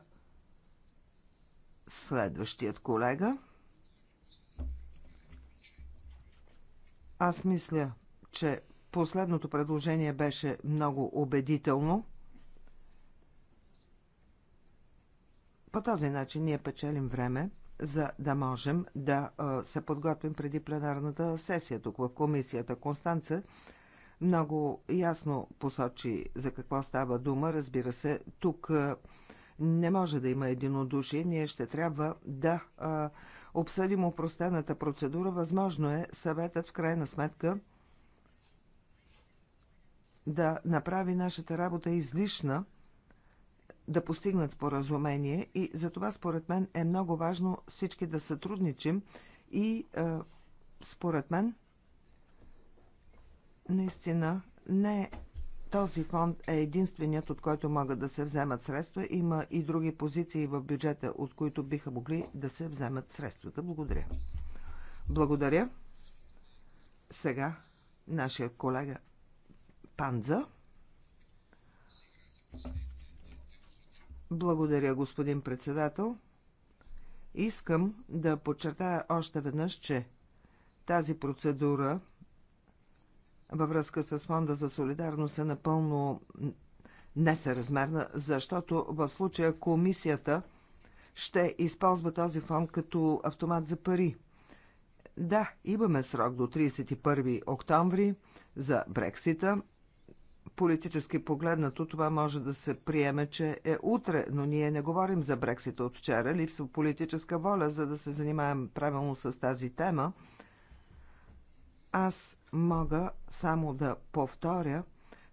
следващият колега. Аз мисля, че последното предложение беше много убедително. По този начин ние печелим време – за да можем да се подготвим преди пленарната сесия тук в комисията. Констанца много ясно посочи за какво става дума. Разбира се, тук не може да има единодушие. Ние ще трябва да а, обсъдим упростената процедура. Възможно е съветът в крайна сметка да направи нашата работа излишна да постигнат споразумение и за това според мен е много важно всички да сътрудничим и а, според мен наистина не този фонд е единственият, от който могат да се вземат средства. Има и други позиции в бюджета, от които биха могли да се вземат средствата. Благодаря. Благодаря. Сега нашия колега Панза. Благодаря, господин председател. Искам да подчертая още веднъж, че тази процедура във връзка с Фонда за солидарност е напълно несъразмерна, защото в случая комисията ще използва този фонд като автомат за пари. Да, имаме срок до 31 октомври за Брексита, политически погледнато това може да се приеме, че е утре, но ние не говорим за Брексита от вчера. Липсва политическа воля, за да се занимаем правилно с тази тема. Аз мога само да повторя,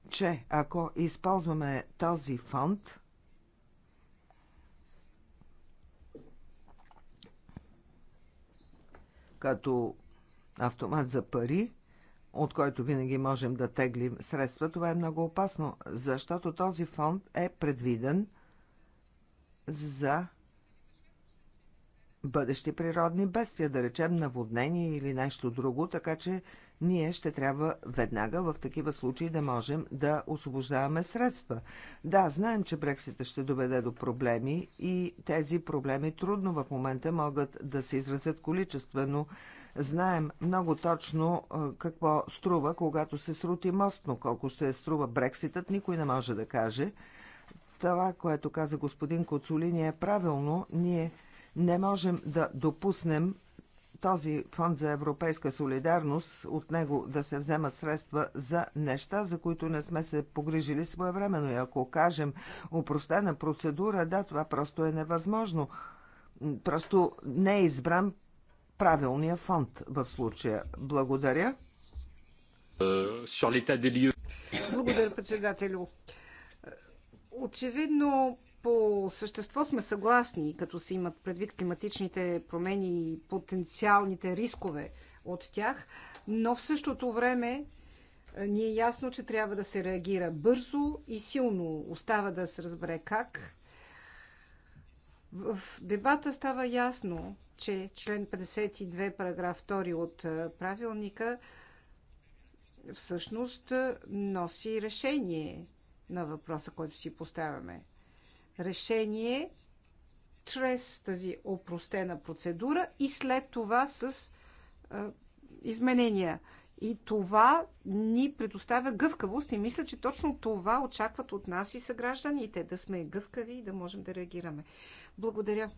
че ако използваме този фонд, като автомат за пари, от който винаги можем да теглим средства, това е много опасно, защото този фонд е предвиден за бъдещи природни бедствия, да речем наводнение или нещо друго, така че ние ще трябва веднага в такива случаи да можем да освобождаваме средства. Да, знаем, че Брексита ще доведе до проблеми и тези проблеми трудно в момента могат да се изразят количествено, но знаем много точно какво струва, когато се срути мост, но колко ще струва Брекситът, никой не може да каже. Това, което каза господин Коцолини е правилно. Ние не можем да допуснем този фонд за европейска солидарност, от него да се вземат средства за неща, за които не сме се погрижили своевременно. И ако кажем упростена процедура, да, това просто е невъзможно. Просто не е избран правилния фонд в случая. Благодаря. Благодаря, председателю. Очевидно, по същество сме съгласни, като се имат предвид климатичните промени и потенциалните рискове от тях, но в същото време е, ни е ясно, че трябва да се реагира бързо и силно. Остава да се разбере как. В дебата става ясно, че член 52, параграф 2 от правилника всъщност носи решение на въпроса, който си поставяме. Решение чрез тази опростена процедура и след това с а, изменения. И това ни предоставя гъвкавост и мисля, че точно това очакват от нас и съгражданите, да сме гъвкави и да можем да реагираме. Благодаря.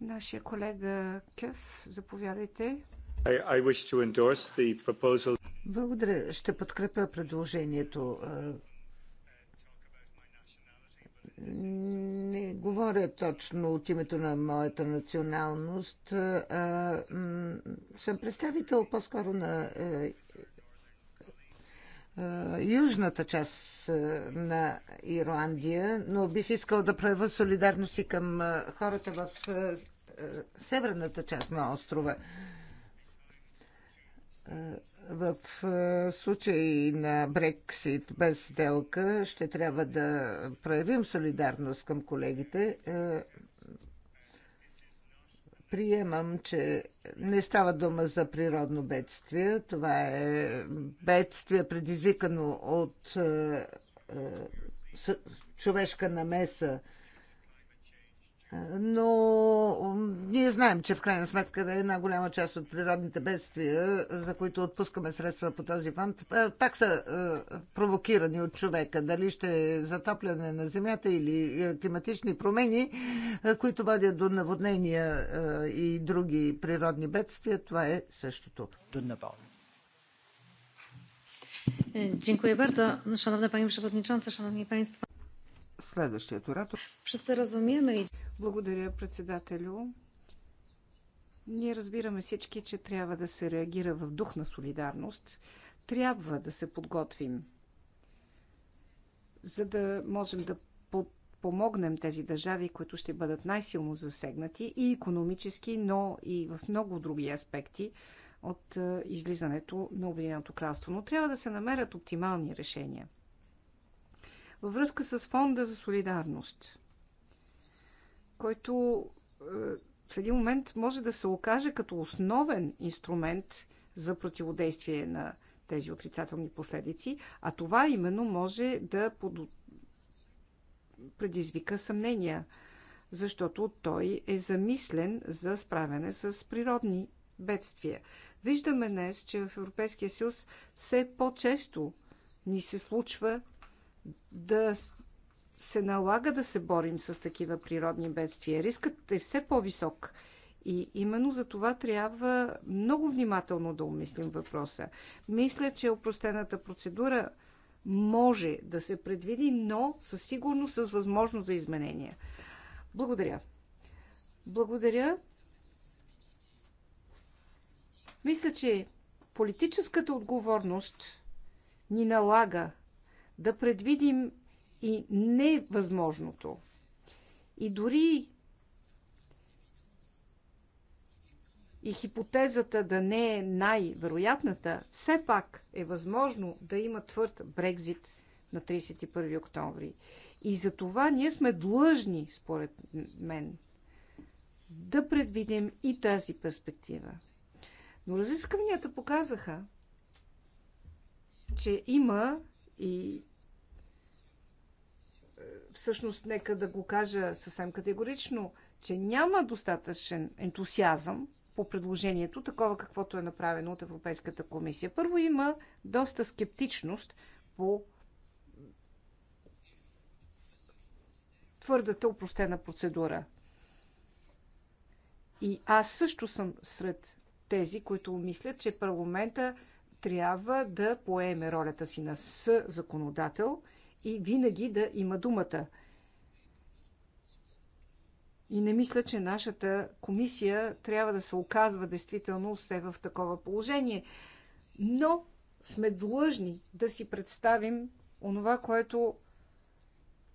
Нашия колега Кев, заповядайте. I, I wish to endorse the proposal. Благодаря. Ще подкрепя предложението. Не говоря точно от името на моята националност. А, съм представител по-скоро на е, е, южната част е, на Ирландия, но бих искал да проявя солидарност и към е, хората в северната част на острова. В случай на Брексит без сделка ще трябва да проявим солидарност към колегите приемам, че не става дума за природно бедствие. Това е бедствие, предизвикано от е, е, човешка намеса но ние знаем, че в крайна сметка да е една голяма част от природните бедствия, за които отпускаме средства по този фонд, пак са провокирани от човека. Дали ще е затопляне на земята или климатични промени, които водят до наводнения и други природни бедствия, това е същото. Dziękuję bardzo, szanowna pani przewodnicząca, szanowni państwo. Следващият оратор. Ще се разумеме. Благодаря, председателю. Ние разбираме всички, че трябва да се реагира в дух на солидарност. Трябва да се подготвим, за да можем да помогнем тези държави, които ще бъдат най-силно засегнати и економически, но и в много други аспекти от е, излизането на Обединеното кралство. Но трябва да се намерят оптимални решения във връзка с Фонда за солидарност, който е, в един момент може да се окаже като основен инструмент за противодействие на тези отрицателни последици, а това именно може да под... предизвика съмнения, защото той е замислен за справяне с природни бедствия. Виждаме днес, че в Европейския съюз все по-често ни се случва да се налага да се борим с такива природни бедствия. Рискът е все по-висок. И именно за това трябва много внимателно да умислим въпроса. Мисля, че опростената процедура може да се предвиди, но със сигурност с възможност за изменения. Благодаря. Благодаря. Мисля, че политическата отговорност ни налага да предвидим и невъзможното. И дори и хипотезата да не е най-вероятната, все пак е възможно да има твърд Брекзит на 31 октомври. И за това ние сме длъжни, според мен, да предвидим и тази перспектива. Но разискванията показаха, че има и всъщност, нека да го кажа съвсем категорично, че няма достатъчен ентусиазъм по предложението, такова каквото е направено от Европейската комисия. Първо има доста скептичност по твърдата упростена процедура. И аз също съм сред тези, които мислят, че парламента трябва да поеме ролята си на съ законодател – и винаги да има думата. И не мисля, че нашата комисия трябва да се оказва действително все в такова положение. Но сме длъжни да си представим онова, което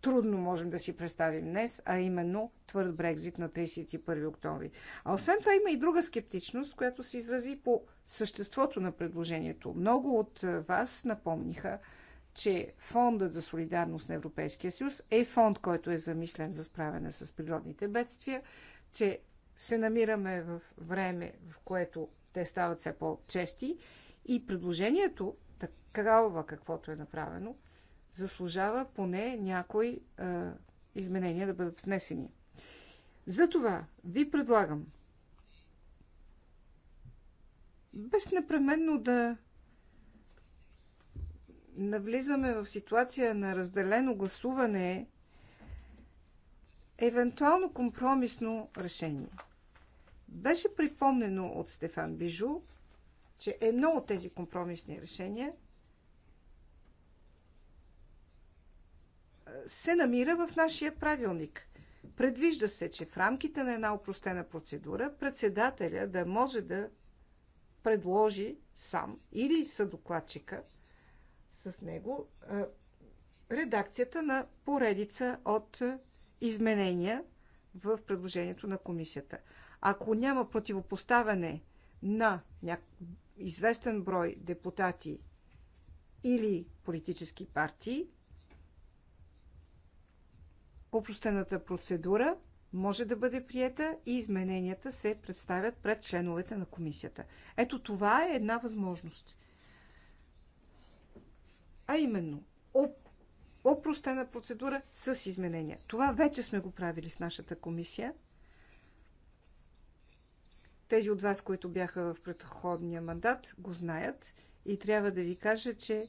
трудно можем да си представим днес, а именно твърд Брекзит на 31 октомври. А освен това има и друга скептичност, която се изрази по съществото на предложението. Много от вас напомниха, че Фондът за солидарност на Европейския съюз е фонд, който е замислен за справяне с природните бедствия, че се намираме в време, в което те стават все по-чести и предложението, такава каквото е направено, заслужава поне някои е, изменения да бъдат внесени. Затова ви предлагам без непременно да навлизаме в ситуация на разделено гласуване, евентуално компромисно решение. Беше припомнено от Стефан Бижу, че едно от тези компромисни решения се намира в нашия правилник. Предвижда се, че в рамките на една упростена процедура председателя да може да предложи сам или съдокладчика с него редакцията на поредица от изменения в предложението на комисията. Ако няма противопоставяне на известен брой депутати или политически партии, Опростената процедура може да бъде приета и измененията се представят пред членовете на комисията. Ето това е една възможност а именно опростена процедура с изменения. Това вече сме го правили в нашата комисия. Тези от вас, които бяха в предходния мандат, го знаят и трябва да ви кажа, че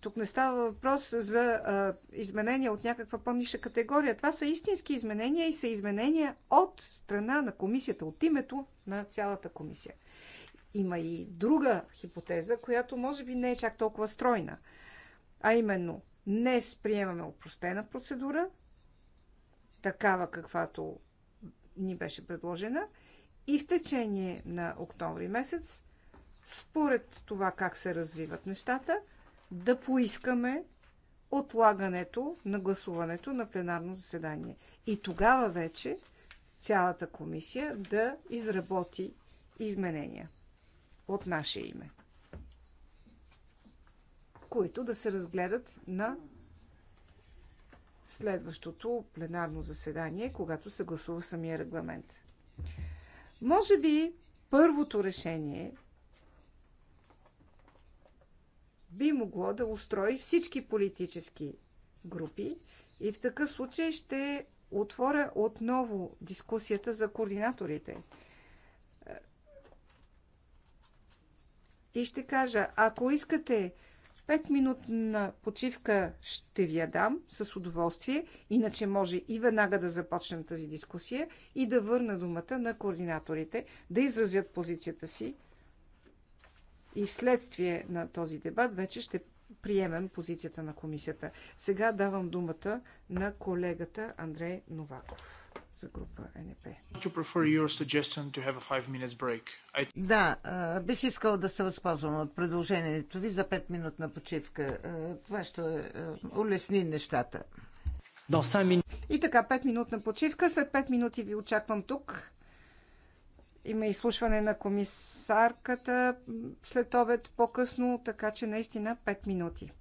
тук не става въпрос за а, изменения от някаква по-ниша категория. Това са истински изменения и са изменения от страна на комисията, от името на цялата комисия. Има и друга хипотеза, която може би не е чак толкова стройна. А именно, днес приемаме упростена процедура, такава каквато ни беше предложена, и в течение на октомври месец, според това как се развиват нещата, да поискаме отлагането на гласуването на пленарно заседание. И тогава вече цялата комисия да изработи изменения от наше име, които да се разгледат на следващото пленарно заседание, когато се гласува самия регламент. Може би първото решение би могло да устрои всички политически групи и в такъв случай ще отворя отново дискусията за координаторите – и ще кажа, ако искате 5 минутна почивка ще ви я дам с удоволствие, иначе може и веднага да започнем тази дискусия и да върна думата на координаторите, да изразят позицията си и вследствие на този дебат вече ще приемем позицията на комисията. Сега давам думата на колегата Андрей Новаков за група НП. Да, бих искал да се възползвам от предложението ви за 5-минутна почивка. Това ще улесни нещата. И така, 5-минутна почивка. След 5 минути ви очаквам тук. Има изслушване на комисарката след обед по-късно, така че наистина 5 минути.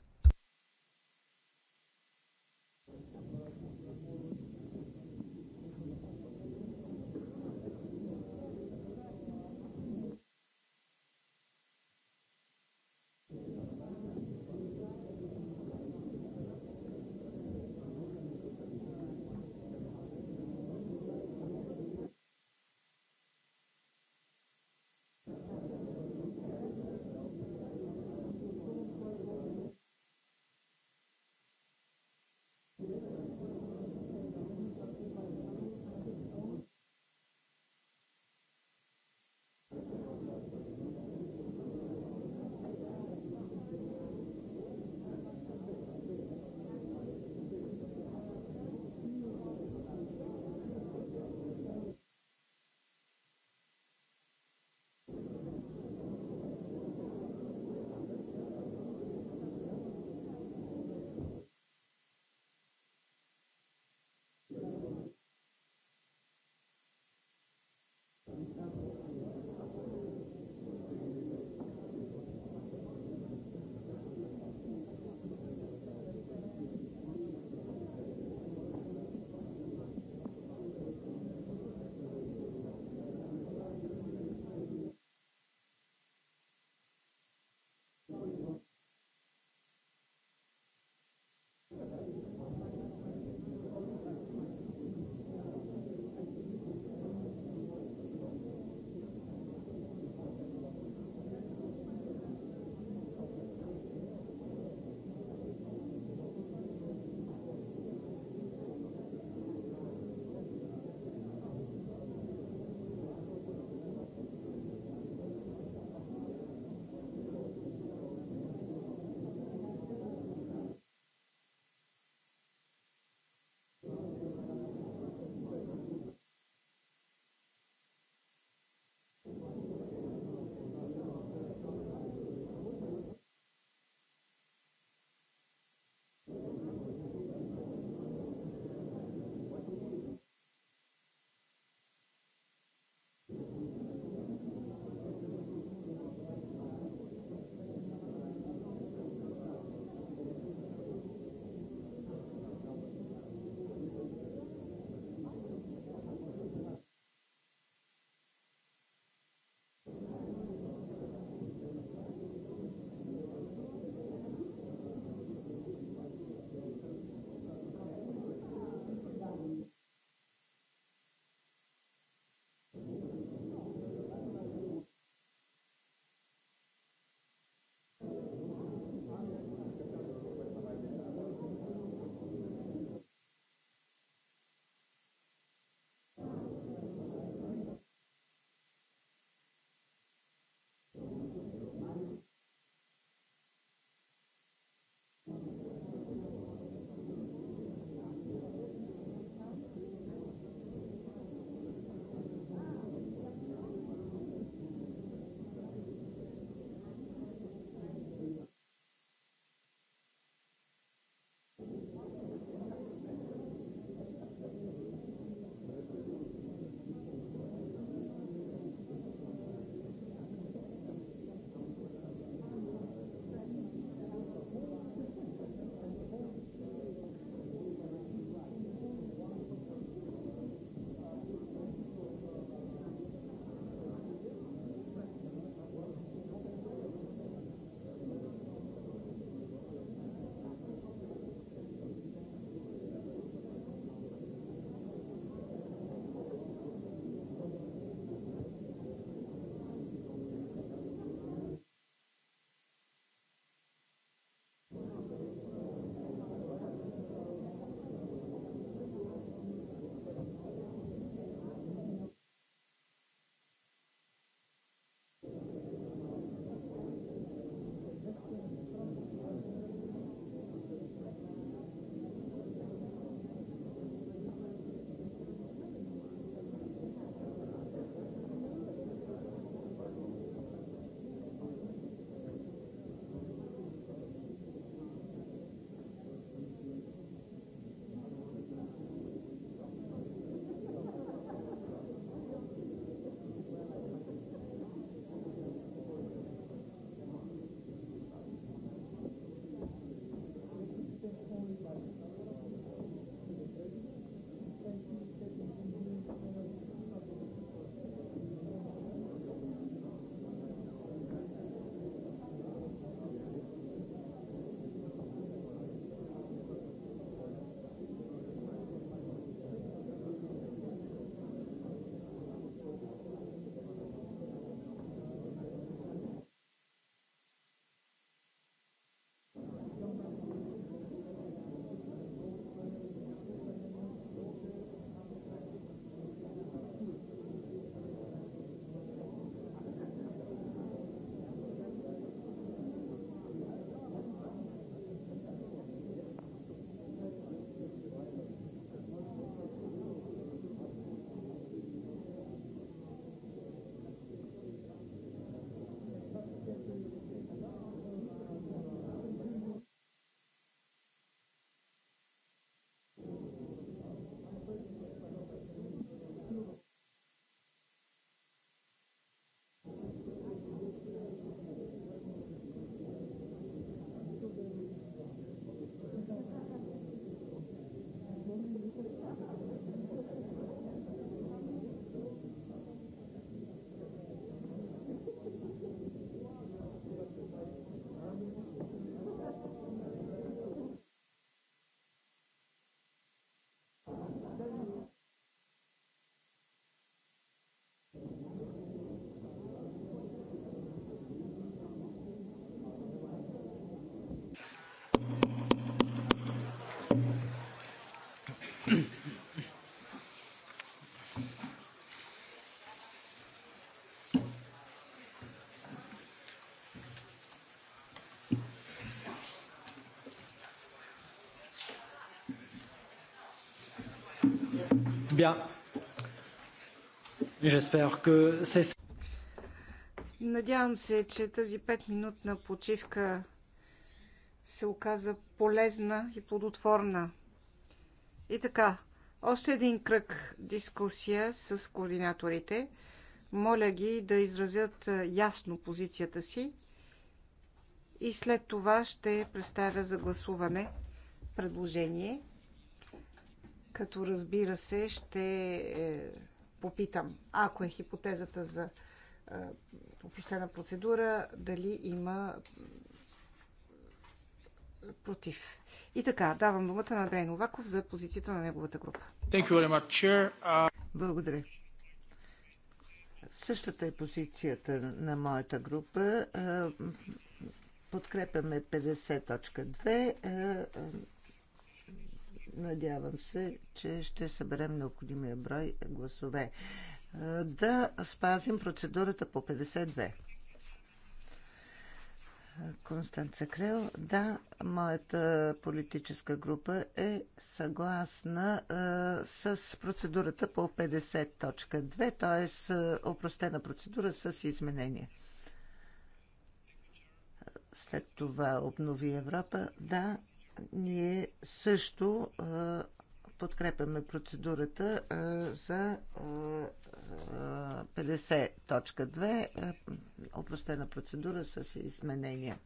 Bien. J'espère que c'est Надявам се, че тази 5-минутна почивка се оказа полезна и плодотворна. И така, още един кръг дискусия с координаторите. Моля ги да изразят ясно позицията си и след това ще представя за гласуване предложение, като разбира се ще е, попитам, ако е хипотезата за опростена процедура, дали има против. И така, давам думата на Андрей Новаков за позицията на неговата група. Благодаря. Същата е позицията на моята група. Подкрепяме 50.2. Надявам се, че ще съберем необходимия брой гласове. Да спазим процедурата по 52. Констанца Крел. Да, моята политическа група е съгласна а, с процедурата по 50.2, т.е. опростена процедура с изменение. След това обнови Европа. Да, ние също а, подкрепяме процедурата за 50.2 опростена процедура с изменения.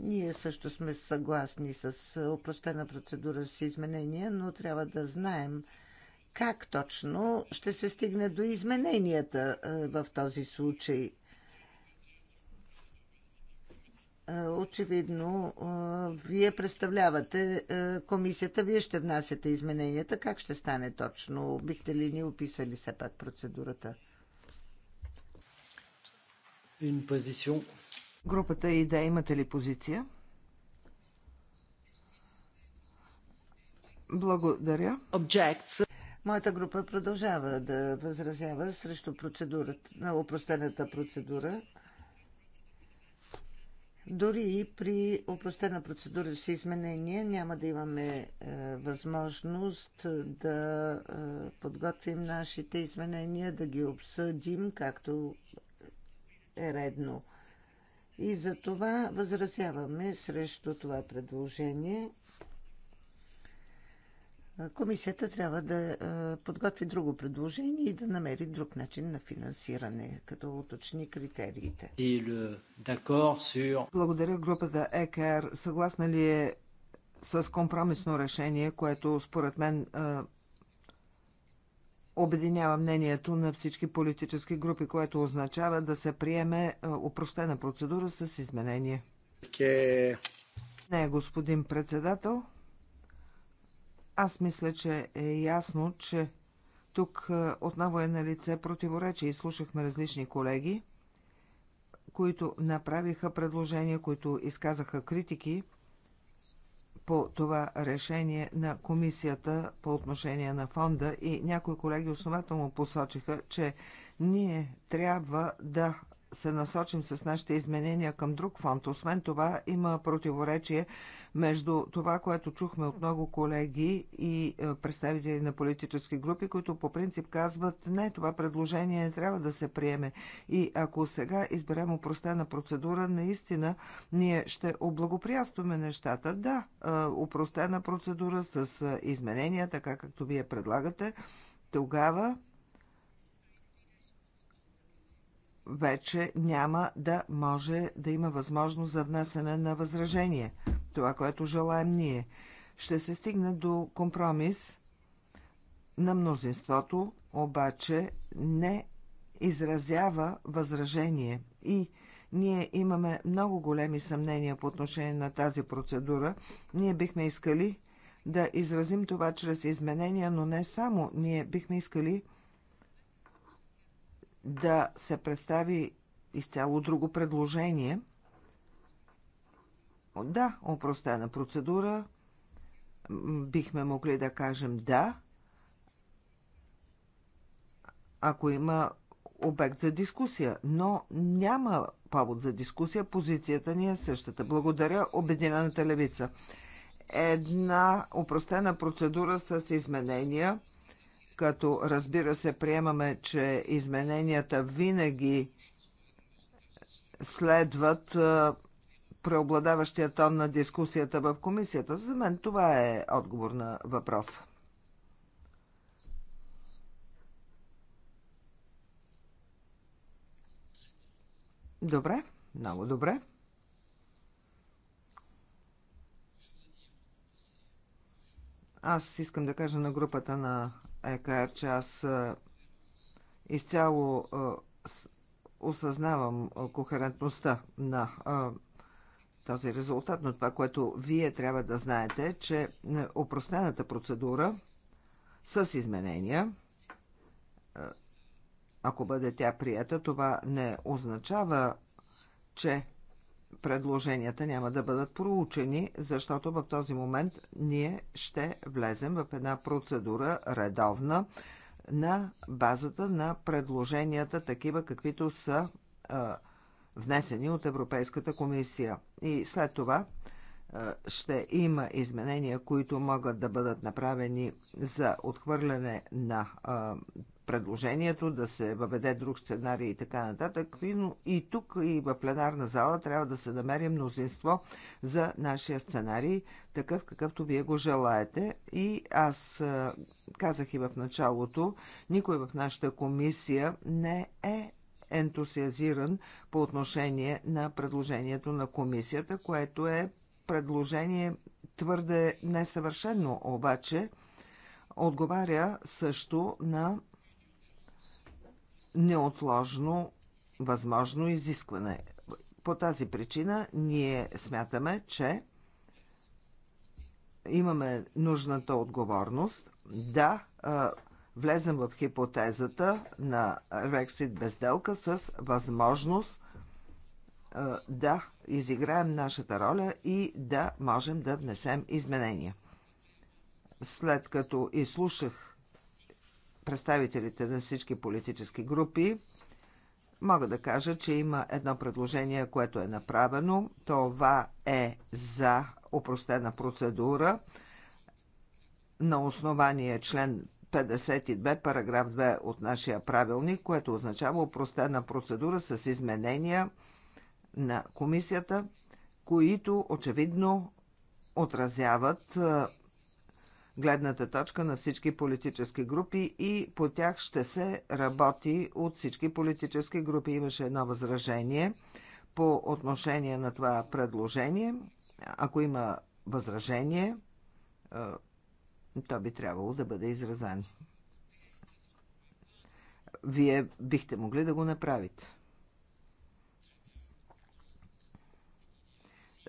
Ние също сме съгласни с опростена процедура с изменения, но трябва да знаем как точно ще се стигне до измененията в този случай очевидно вие представлявате комисията, вие ще внасяте измененията. Как ще стане точно? Бихте ли ни описали все пак процедурата? Групата и да имате ли позиция? Благодаря. Objects. Моята група продължава да възразява срещу процедурата, на упростената процедура. Дори и при упростена процедура с изменения няма да имаме е, възможност да е, подготвим нашите изменения, да ги обсъдим както е редно. И за това възразяваме срещу това предложение комисията трябва да е, подготви друго предложение и да намери друг начин на финансиране, като уточни критериите. Благодаря групата ЕКР. Съгласна ли е с компромисно решение, което според мен е, обединява мнението на всички политически групи, което означава да се приеме опростена е, процедура с изменение. Не, господин председател. Аз мисля, че е ясно, че тук е, отново е на лице противоречие. Изслушахме различни колеги, които направиха предложения, които изказаха критики по това решение на комисията по отношение на фонда и някои колеги основателно посочиха, че ние трябва да се насочим с нашите изменения към друг фонд. Освен това, има противоречие между това, което чухме от много колеги и е, представители на политически групи, които по принцип казват, не, това предложение не трябва да се приеме. И ако сега изберем упростена процедура, наистина ние ще облагоприятстваме нещата. Да, е, упростена процедура с е, изменения, така както вие предлагате, тогава вече няма да може да има възможност за внесене на възражение. Това, което желаем ние. Ще се стигне до компромис на мнозинството, обаче не изразява възражение и ние имаме много големи съмнения по отношение на тази процедура. Ние бихме искали да изразим това чрез изменения, но не само. Ние бихме искали да се представи изцяло друго предложение. Да, опростена процедура. Бихме могли да кажем да, ако има обект за дискусия, но няма повод за дискусия. Позицията ни е същата. Благодаря Обединената левица. Една упростена процедура с изменения – като разбира се приемаме, че измененията винаги следват преобладаващия тон на дискусията в комисията. За мен това е отговор на въпроса. Добре, много добре. Аз искам да кажа на групата на Екар, че аз изцяло осъзнавам кохерентността на този резултат, но това, което вие трябва да знаете, е, че опростената процедура с изменения, ако бъде тя прията, това не означава, че предложенията няма да бъдат проучени, защото в този момент ние ще влезем в една процедура редовна на базата на предложенията, такива каквито са а, внесени от Европейската комисия. И след това ще има изменения, които могат да бъдат направени за отхвърляне на а, предложението, да се въведе друг сценарий и така нататък. Но и тук, и в пленарна зала трябва да се намери мнозинство за нашия сценарий, такъв какъвто вие го желаете. И аз казах и в началото, никой в нашата комисия не е ентусиазиран по отношение на предложението на комисията, което е предложение твърде несъвършено, обаче отговаря също на неотложно възможно изискване. По тази причина ние смятаме, че имаме нужната отговорност да влезем в хипотезата на Рексит безделка с възможност да изиграем нашата роля и да можем да внесем изменения. След като изслушах представителите на всички политически групи, мога да кажа, че има едно предложение, което е направено. Това е за опростена процедура на основание член 52, параграф 2 от нашия правилник, което означава опростена процедура с изменения на комисията, които очевидно отразяват гледната точка на всички политически групи и по тях ще се работи от всички политически групи. Имаше едно възражение по отношение на това предложение. Ако има възражение, е, то би трябвало да бъде изразен. Вие бихте могли да го направите.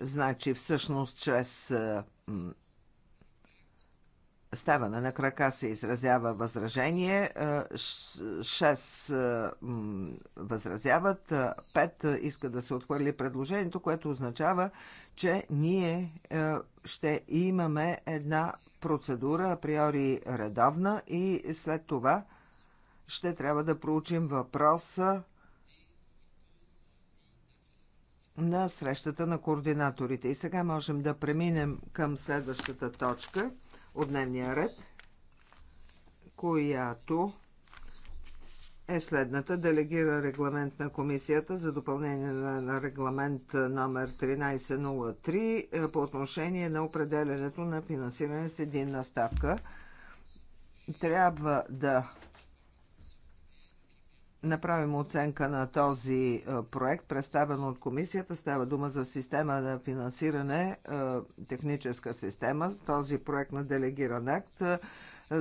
Значи, всъщност, чрез е, ставане на крака се изразява възражение, 6 е, е, възразяват, 5 е, искат да се отхвърли предложението, което означава, че ние ще имаме една процедура априори редовна и след това ще трябва да проучим въпроса на срещата на координаторите. И сега можем да преминем към следващата точка – от дневния ред, която е следната. Делегира регламент на комисията за допълнение на регламент номер 1303 е, по отношение на определенето на финансиране с единна ставка. Трябва да направим оценка на този е, проект, представен от комисията. Става дума за система на финансиране, е, техническа система. Този проект на делегиран акт е,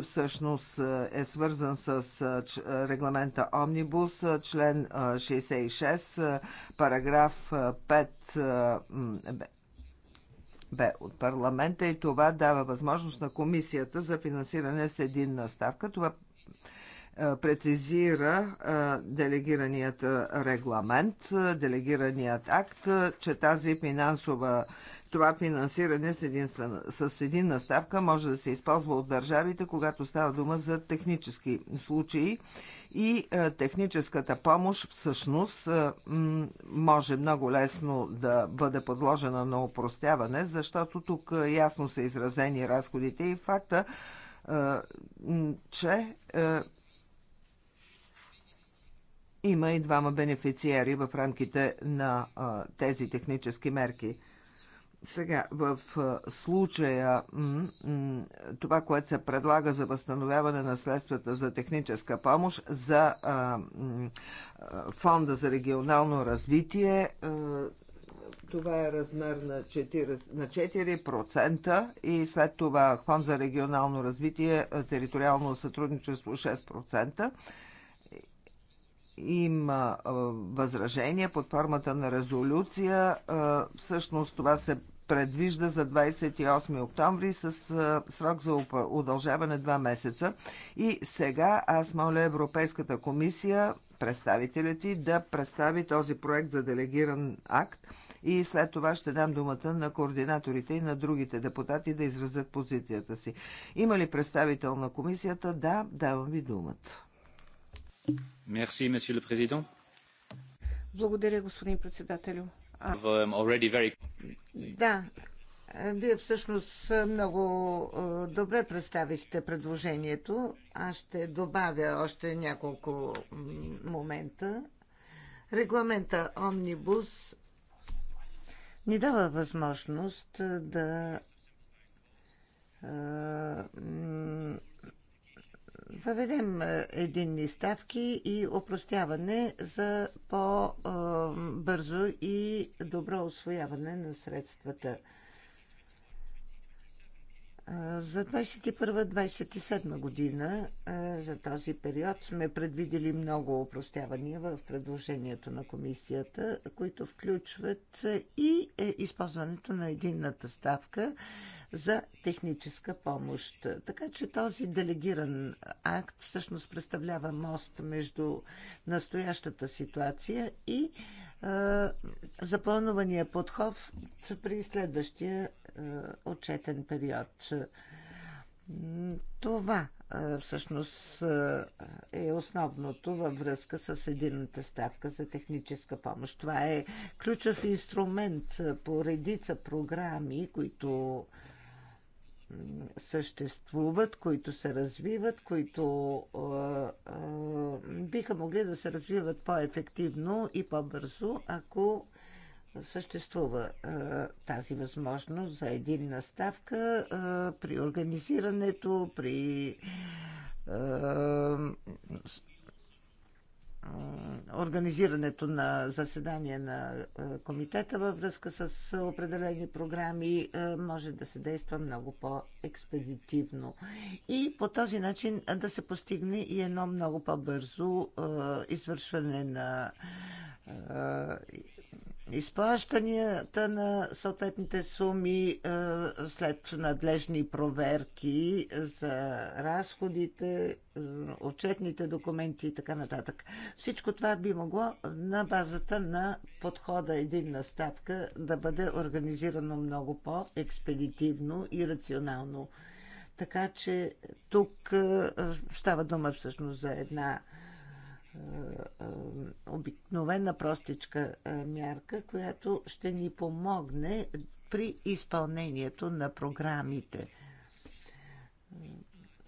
всъщност е свързан с регламента Омнибус, член 66, параграф 5 Б от парламента и това дава възможност на комисията за финансиране с един наставка. Това е, прецизира е, делегираният регламент, е, делегираният акт, че тази финансова това финансиране с, единствена, с единна ставка може да се използва от държавите, когато става дума за технически случаи и техническата помощ всъщност може много лесно да бъде подложена на упростяване, защото тук ясно са изразени разходите и факта, че има и двама бенефициери в рамките на а, тези технически мерки. Сега, в случая това, което се предлага за възстановяване на следствата за техническа помощ за Фонда за регионално развитие, това е размер на 4%, на 4% и след това Фонд за регионално развитие, териториално сътрудничество 6% има възражения под формата на резолюция. Всъщност това се предвижда за 28 октомври с срок за удължаване 2 месеца. И сега аз моля Европейската комисия, представителите да представи този проект за делегиран акт и след това ще дам думата на координаторите и на другите депутати да изразят позицията си. Има ли представител на комисията? Да, давам ви думата. Благодаря, господин председателю. Um, да, вие всъщност много е, добре представихте предложението. Аз ще добавя още няколко момента. Регламента Омнибус ни дава възможност е, да е, въведем е, единни ставки и опростяване за по-бързо и добро освояване на средствата. Е, за 2021-2027 година, е, за този период, сме предвидели много опростявания в предложението на комисията, които включват и използването на единната ставка за техническа помощ. Така че този делегиран акт всъщност представлява мост между настоящата ситуация и е, запълнувания подход при следващия е, отчетен период. Това е, всъщност е, е основното във връзка с единната ставка за техническа помощ. Това е ключов инструмент по редица програми, които съществуват, които се развиват, които а, а, биха могли да се развиват по-ефективно и по-бързо, ако съществува а, тази възможност за наставка а, при организирането, при организирането на заседание на е, комитета във връзка с е, определени програми е, може да се действа много по-експедитивно. И по този начин да се постигне и едно много по-бързо извършване на изплащанията на съответните суми е, след надлежни проверки за разходите, е, отчетните документи и така нататък. Всичко това би могло на базата на подхода единна ставка да бъде организирано много по-експедитивно и рационално. Така че тук е, става дума всъщност за една е, е, обикновена простичка е, мярка, която ще ни помогне при изпълнението на програмите.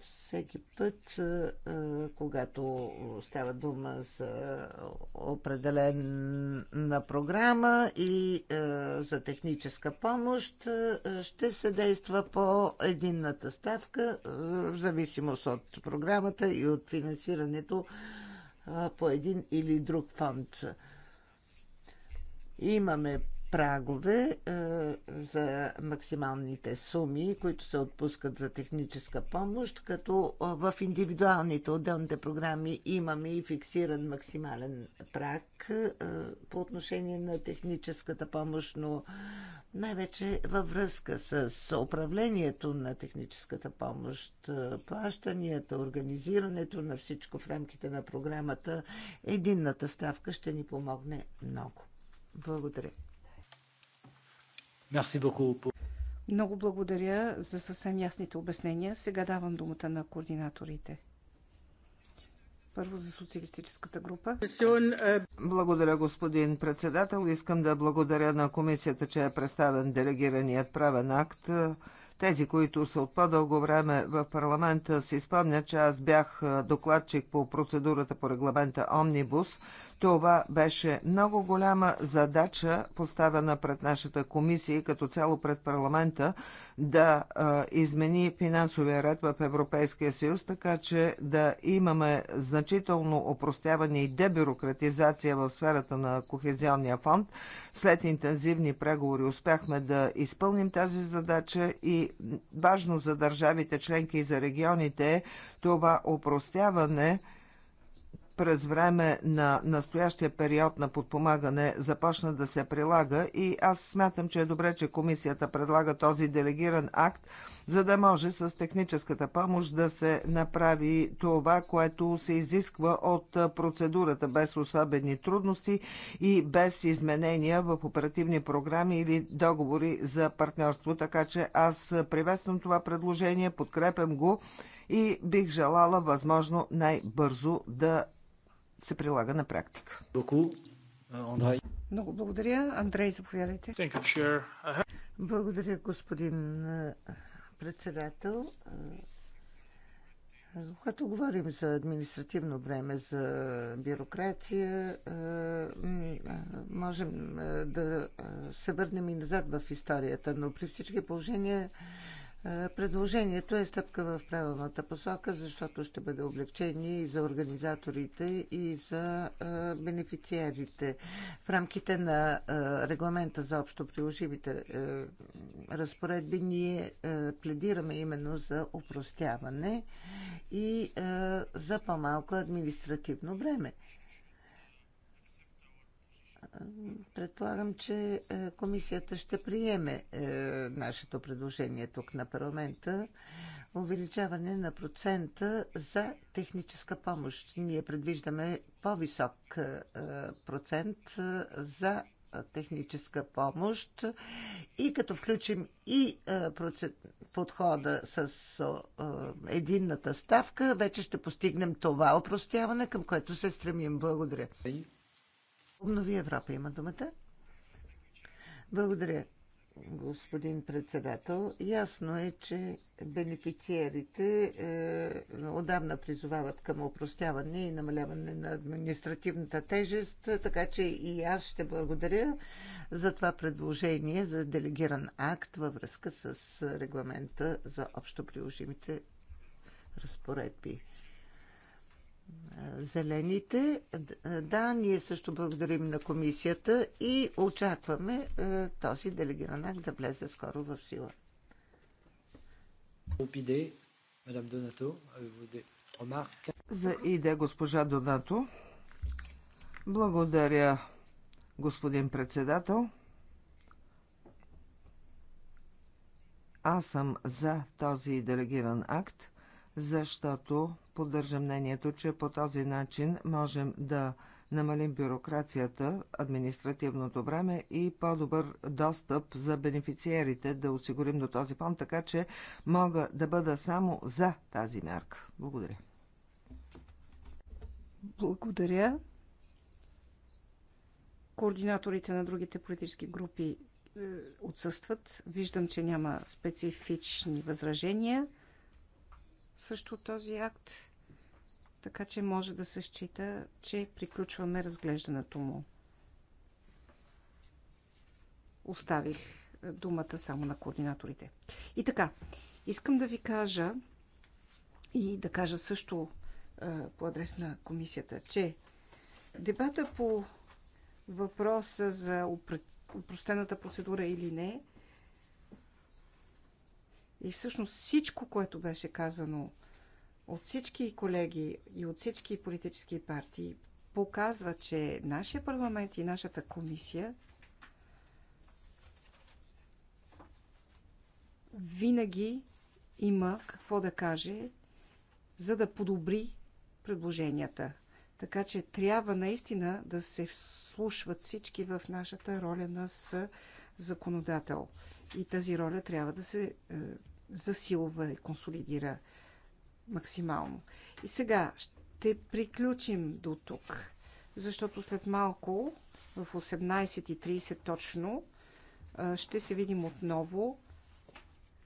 Всеки път, когато става дума за определена програма и за техническа помощ, ще се действа по единната ставка, в зависимост от програмата и от финансирането по един или друг фонд. Имаме прагове е, за максималните суми, които се отпускат за техническа помощ, като е, в индивидуалните отделните програми имаме и фиксиран максимален праг е, по отношение на техническата помощ, но най-вече във връзка с управлението на техническата помощ, плащанията, организирането на всичко в рамките на програмата, единната ставка ще ни помогне много. Благодаря. Много благодаря за съвсем ясните обяснения. Сега давам думата на координаторите. Първо за социалистическата група. Благодаря, господин председател. Искам да благодаря на комисията, че е представен делегираният правен акт. Тези, които са от по-дълго време в парламента, си спомнят, че аз бях докладчик по процедурата по регламента Омнибус – това беше много голяма задача, поставена пред нашата комисия и като цяло пред парламента, да а, измени финансовия ред в Европейския съюз, така че да имаме значително опростяване и дебюрократизация в сферата на Кохезионния фонд. След интензивни преговори успяхме да изпълним тази задача и важно за държавите членки и за регионите е това опростяване – през време на настоящия период на подпомагане започна да се прилага и аз смятам, че е добре, че комисията предлага този делегиран акт, за да може с техническата помощ да се направи това, което се изисква от процедурата без особени трудности и без изменения в оперативни програми или договори за партньорство. Така че аз приветствам това предложение, подкрепям го и бих желала възможно най-бързо да се прилага на практика. Много благодаря. Андрей, заповядайте. Благодаря, господин председател. Когато говорим за административно време, за бюрокрация, можем да се върнем и назад в историята, но при всички положения е, предложението е стъпка в правилната посока, защото ще бъде облегчение и за организаторите, и за е, бенефициарите. В рамките на е, регламента за общо приложимите разпоредби ние пледираме именно за упростяване и за по-малко административно време. Предполагам, че е, комисията ще приеме е, нашето предложение тук на парламента увеличаване на процента за техническа помощ. Ние предвиждаме по-висок е, процент за техническа помощ и като включим и подхода с единната ставка, вече ще постигнем това опростяване, към което се стремим. Благодаря. Обнови Европа има думата. Благодаря, господин председател. Ясно е, че бенефициерите е, отдавна призовават към упростяване и намаляване на административната тежест, така че и аз ще благодаря за това предложение за делегиран акт във връзка с регламента за общо приложимите разпоредби зелените. Да, ние също благодарим на комисията и очакваме е, този делегиран акт да влезе скоро в сила. За иде госпожа Донато. Благодаря, господин председател. Аз съм за този делегиран акт защото поддържа мнението, че по този начин можем да намалим бюрокрацията, административното време и по-добър достъп за бенефициерите да осигурим до този фонд, така че мога да бъда само за тази мярка. Благодаря. Благодаря. Координаторите на другите политически групи е, отсъстват. Виждам, че няма специфични възражения също този акт, така че може да се счита, че приключваме разглеждането му. Оставих е, думата само на координаторите. И така, искам да ви кажа и да кажа също е, по адрес на комисията, че дебата по въпроса за упростената процедура или не – и всъщност всичко, което беше казано от всички колеги и от всички политически партии, показва, че нашия парламент и нашата комисия винаги има какво да каже, за да подобри предложенията. Така че трябва наистина да се вслушват всички в нашата роля на законодател. законодател и тази роля трябва да се е, засилва и консолидира максимално. И сега ще приключим до тук, защото след малко в 18.30 точно е, ще се видим отново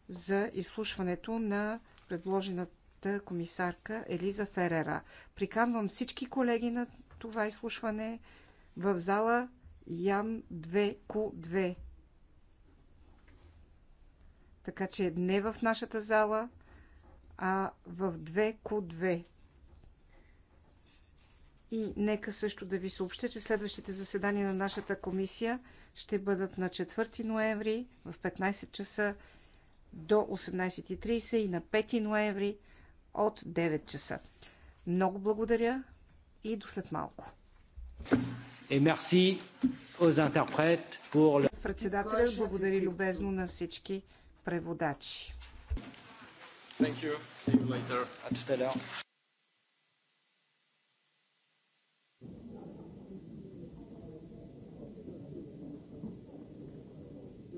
за изслушването на предложената комисарка Елиза Ферера. Приканвам всички колеги на това изслушване в зала Ям 2 к 2 така че не в нашата зала, а в 2Q2. И нека също да ви съобща, че следващите заседания на нашата комисия ще бъдат на 4 ноември в 15 часа до 18.30 и на 5 ноември от 9 часа. Много благодаря и до след малко. Et merci aux interprètes pour... Председателят благодари любезно на всички преводачи. Thank you. See you later.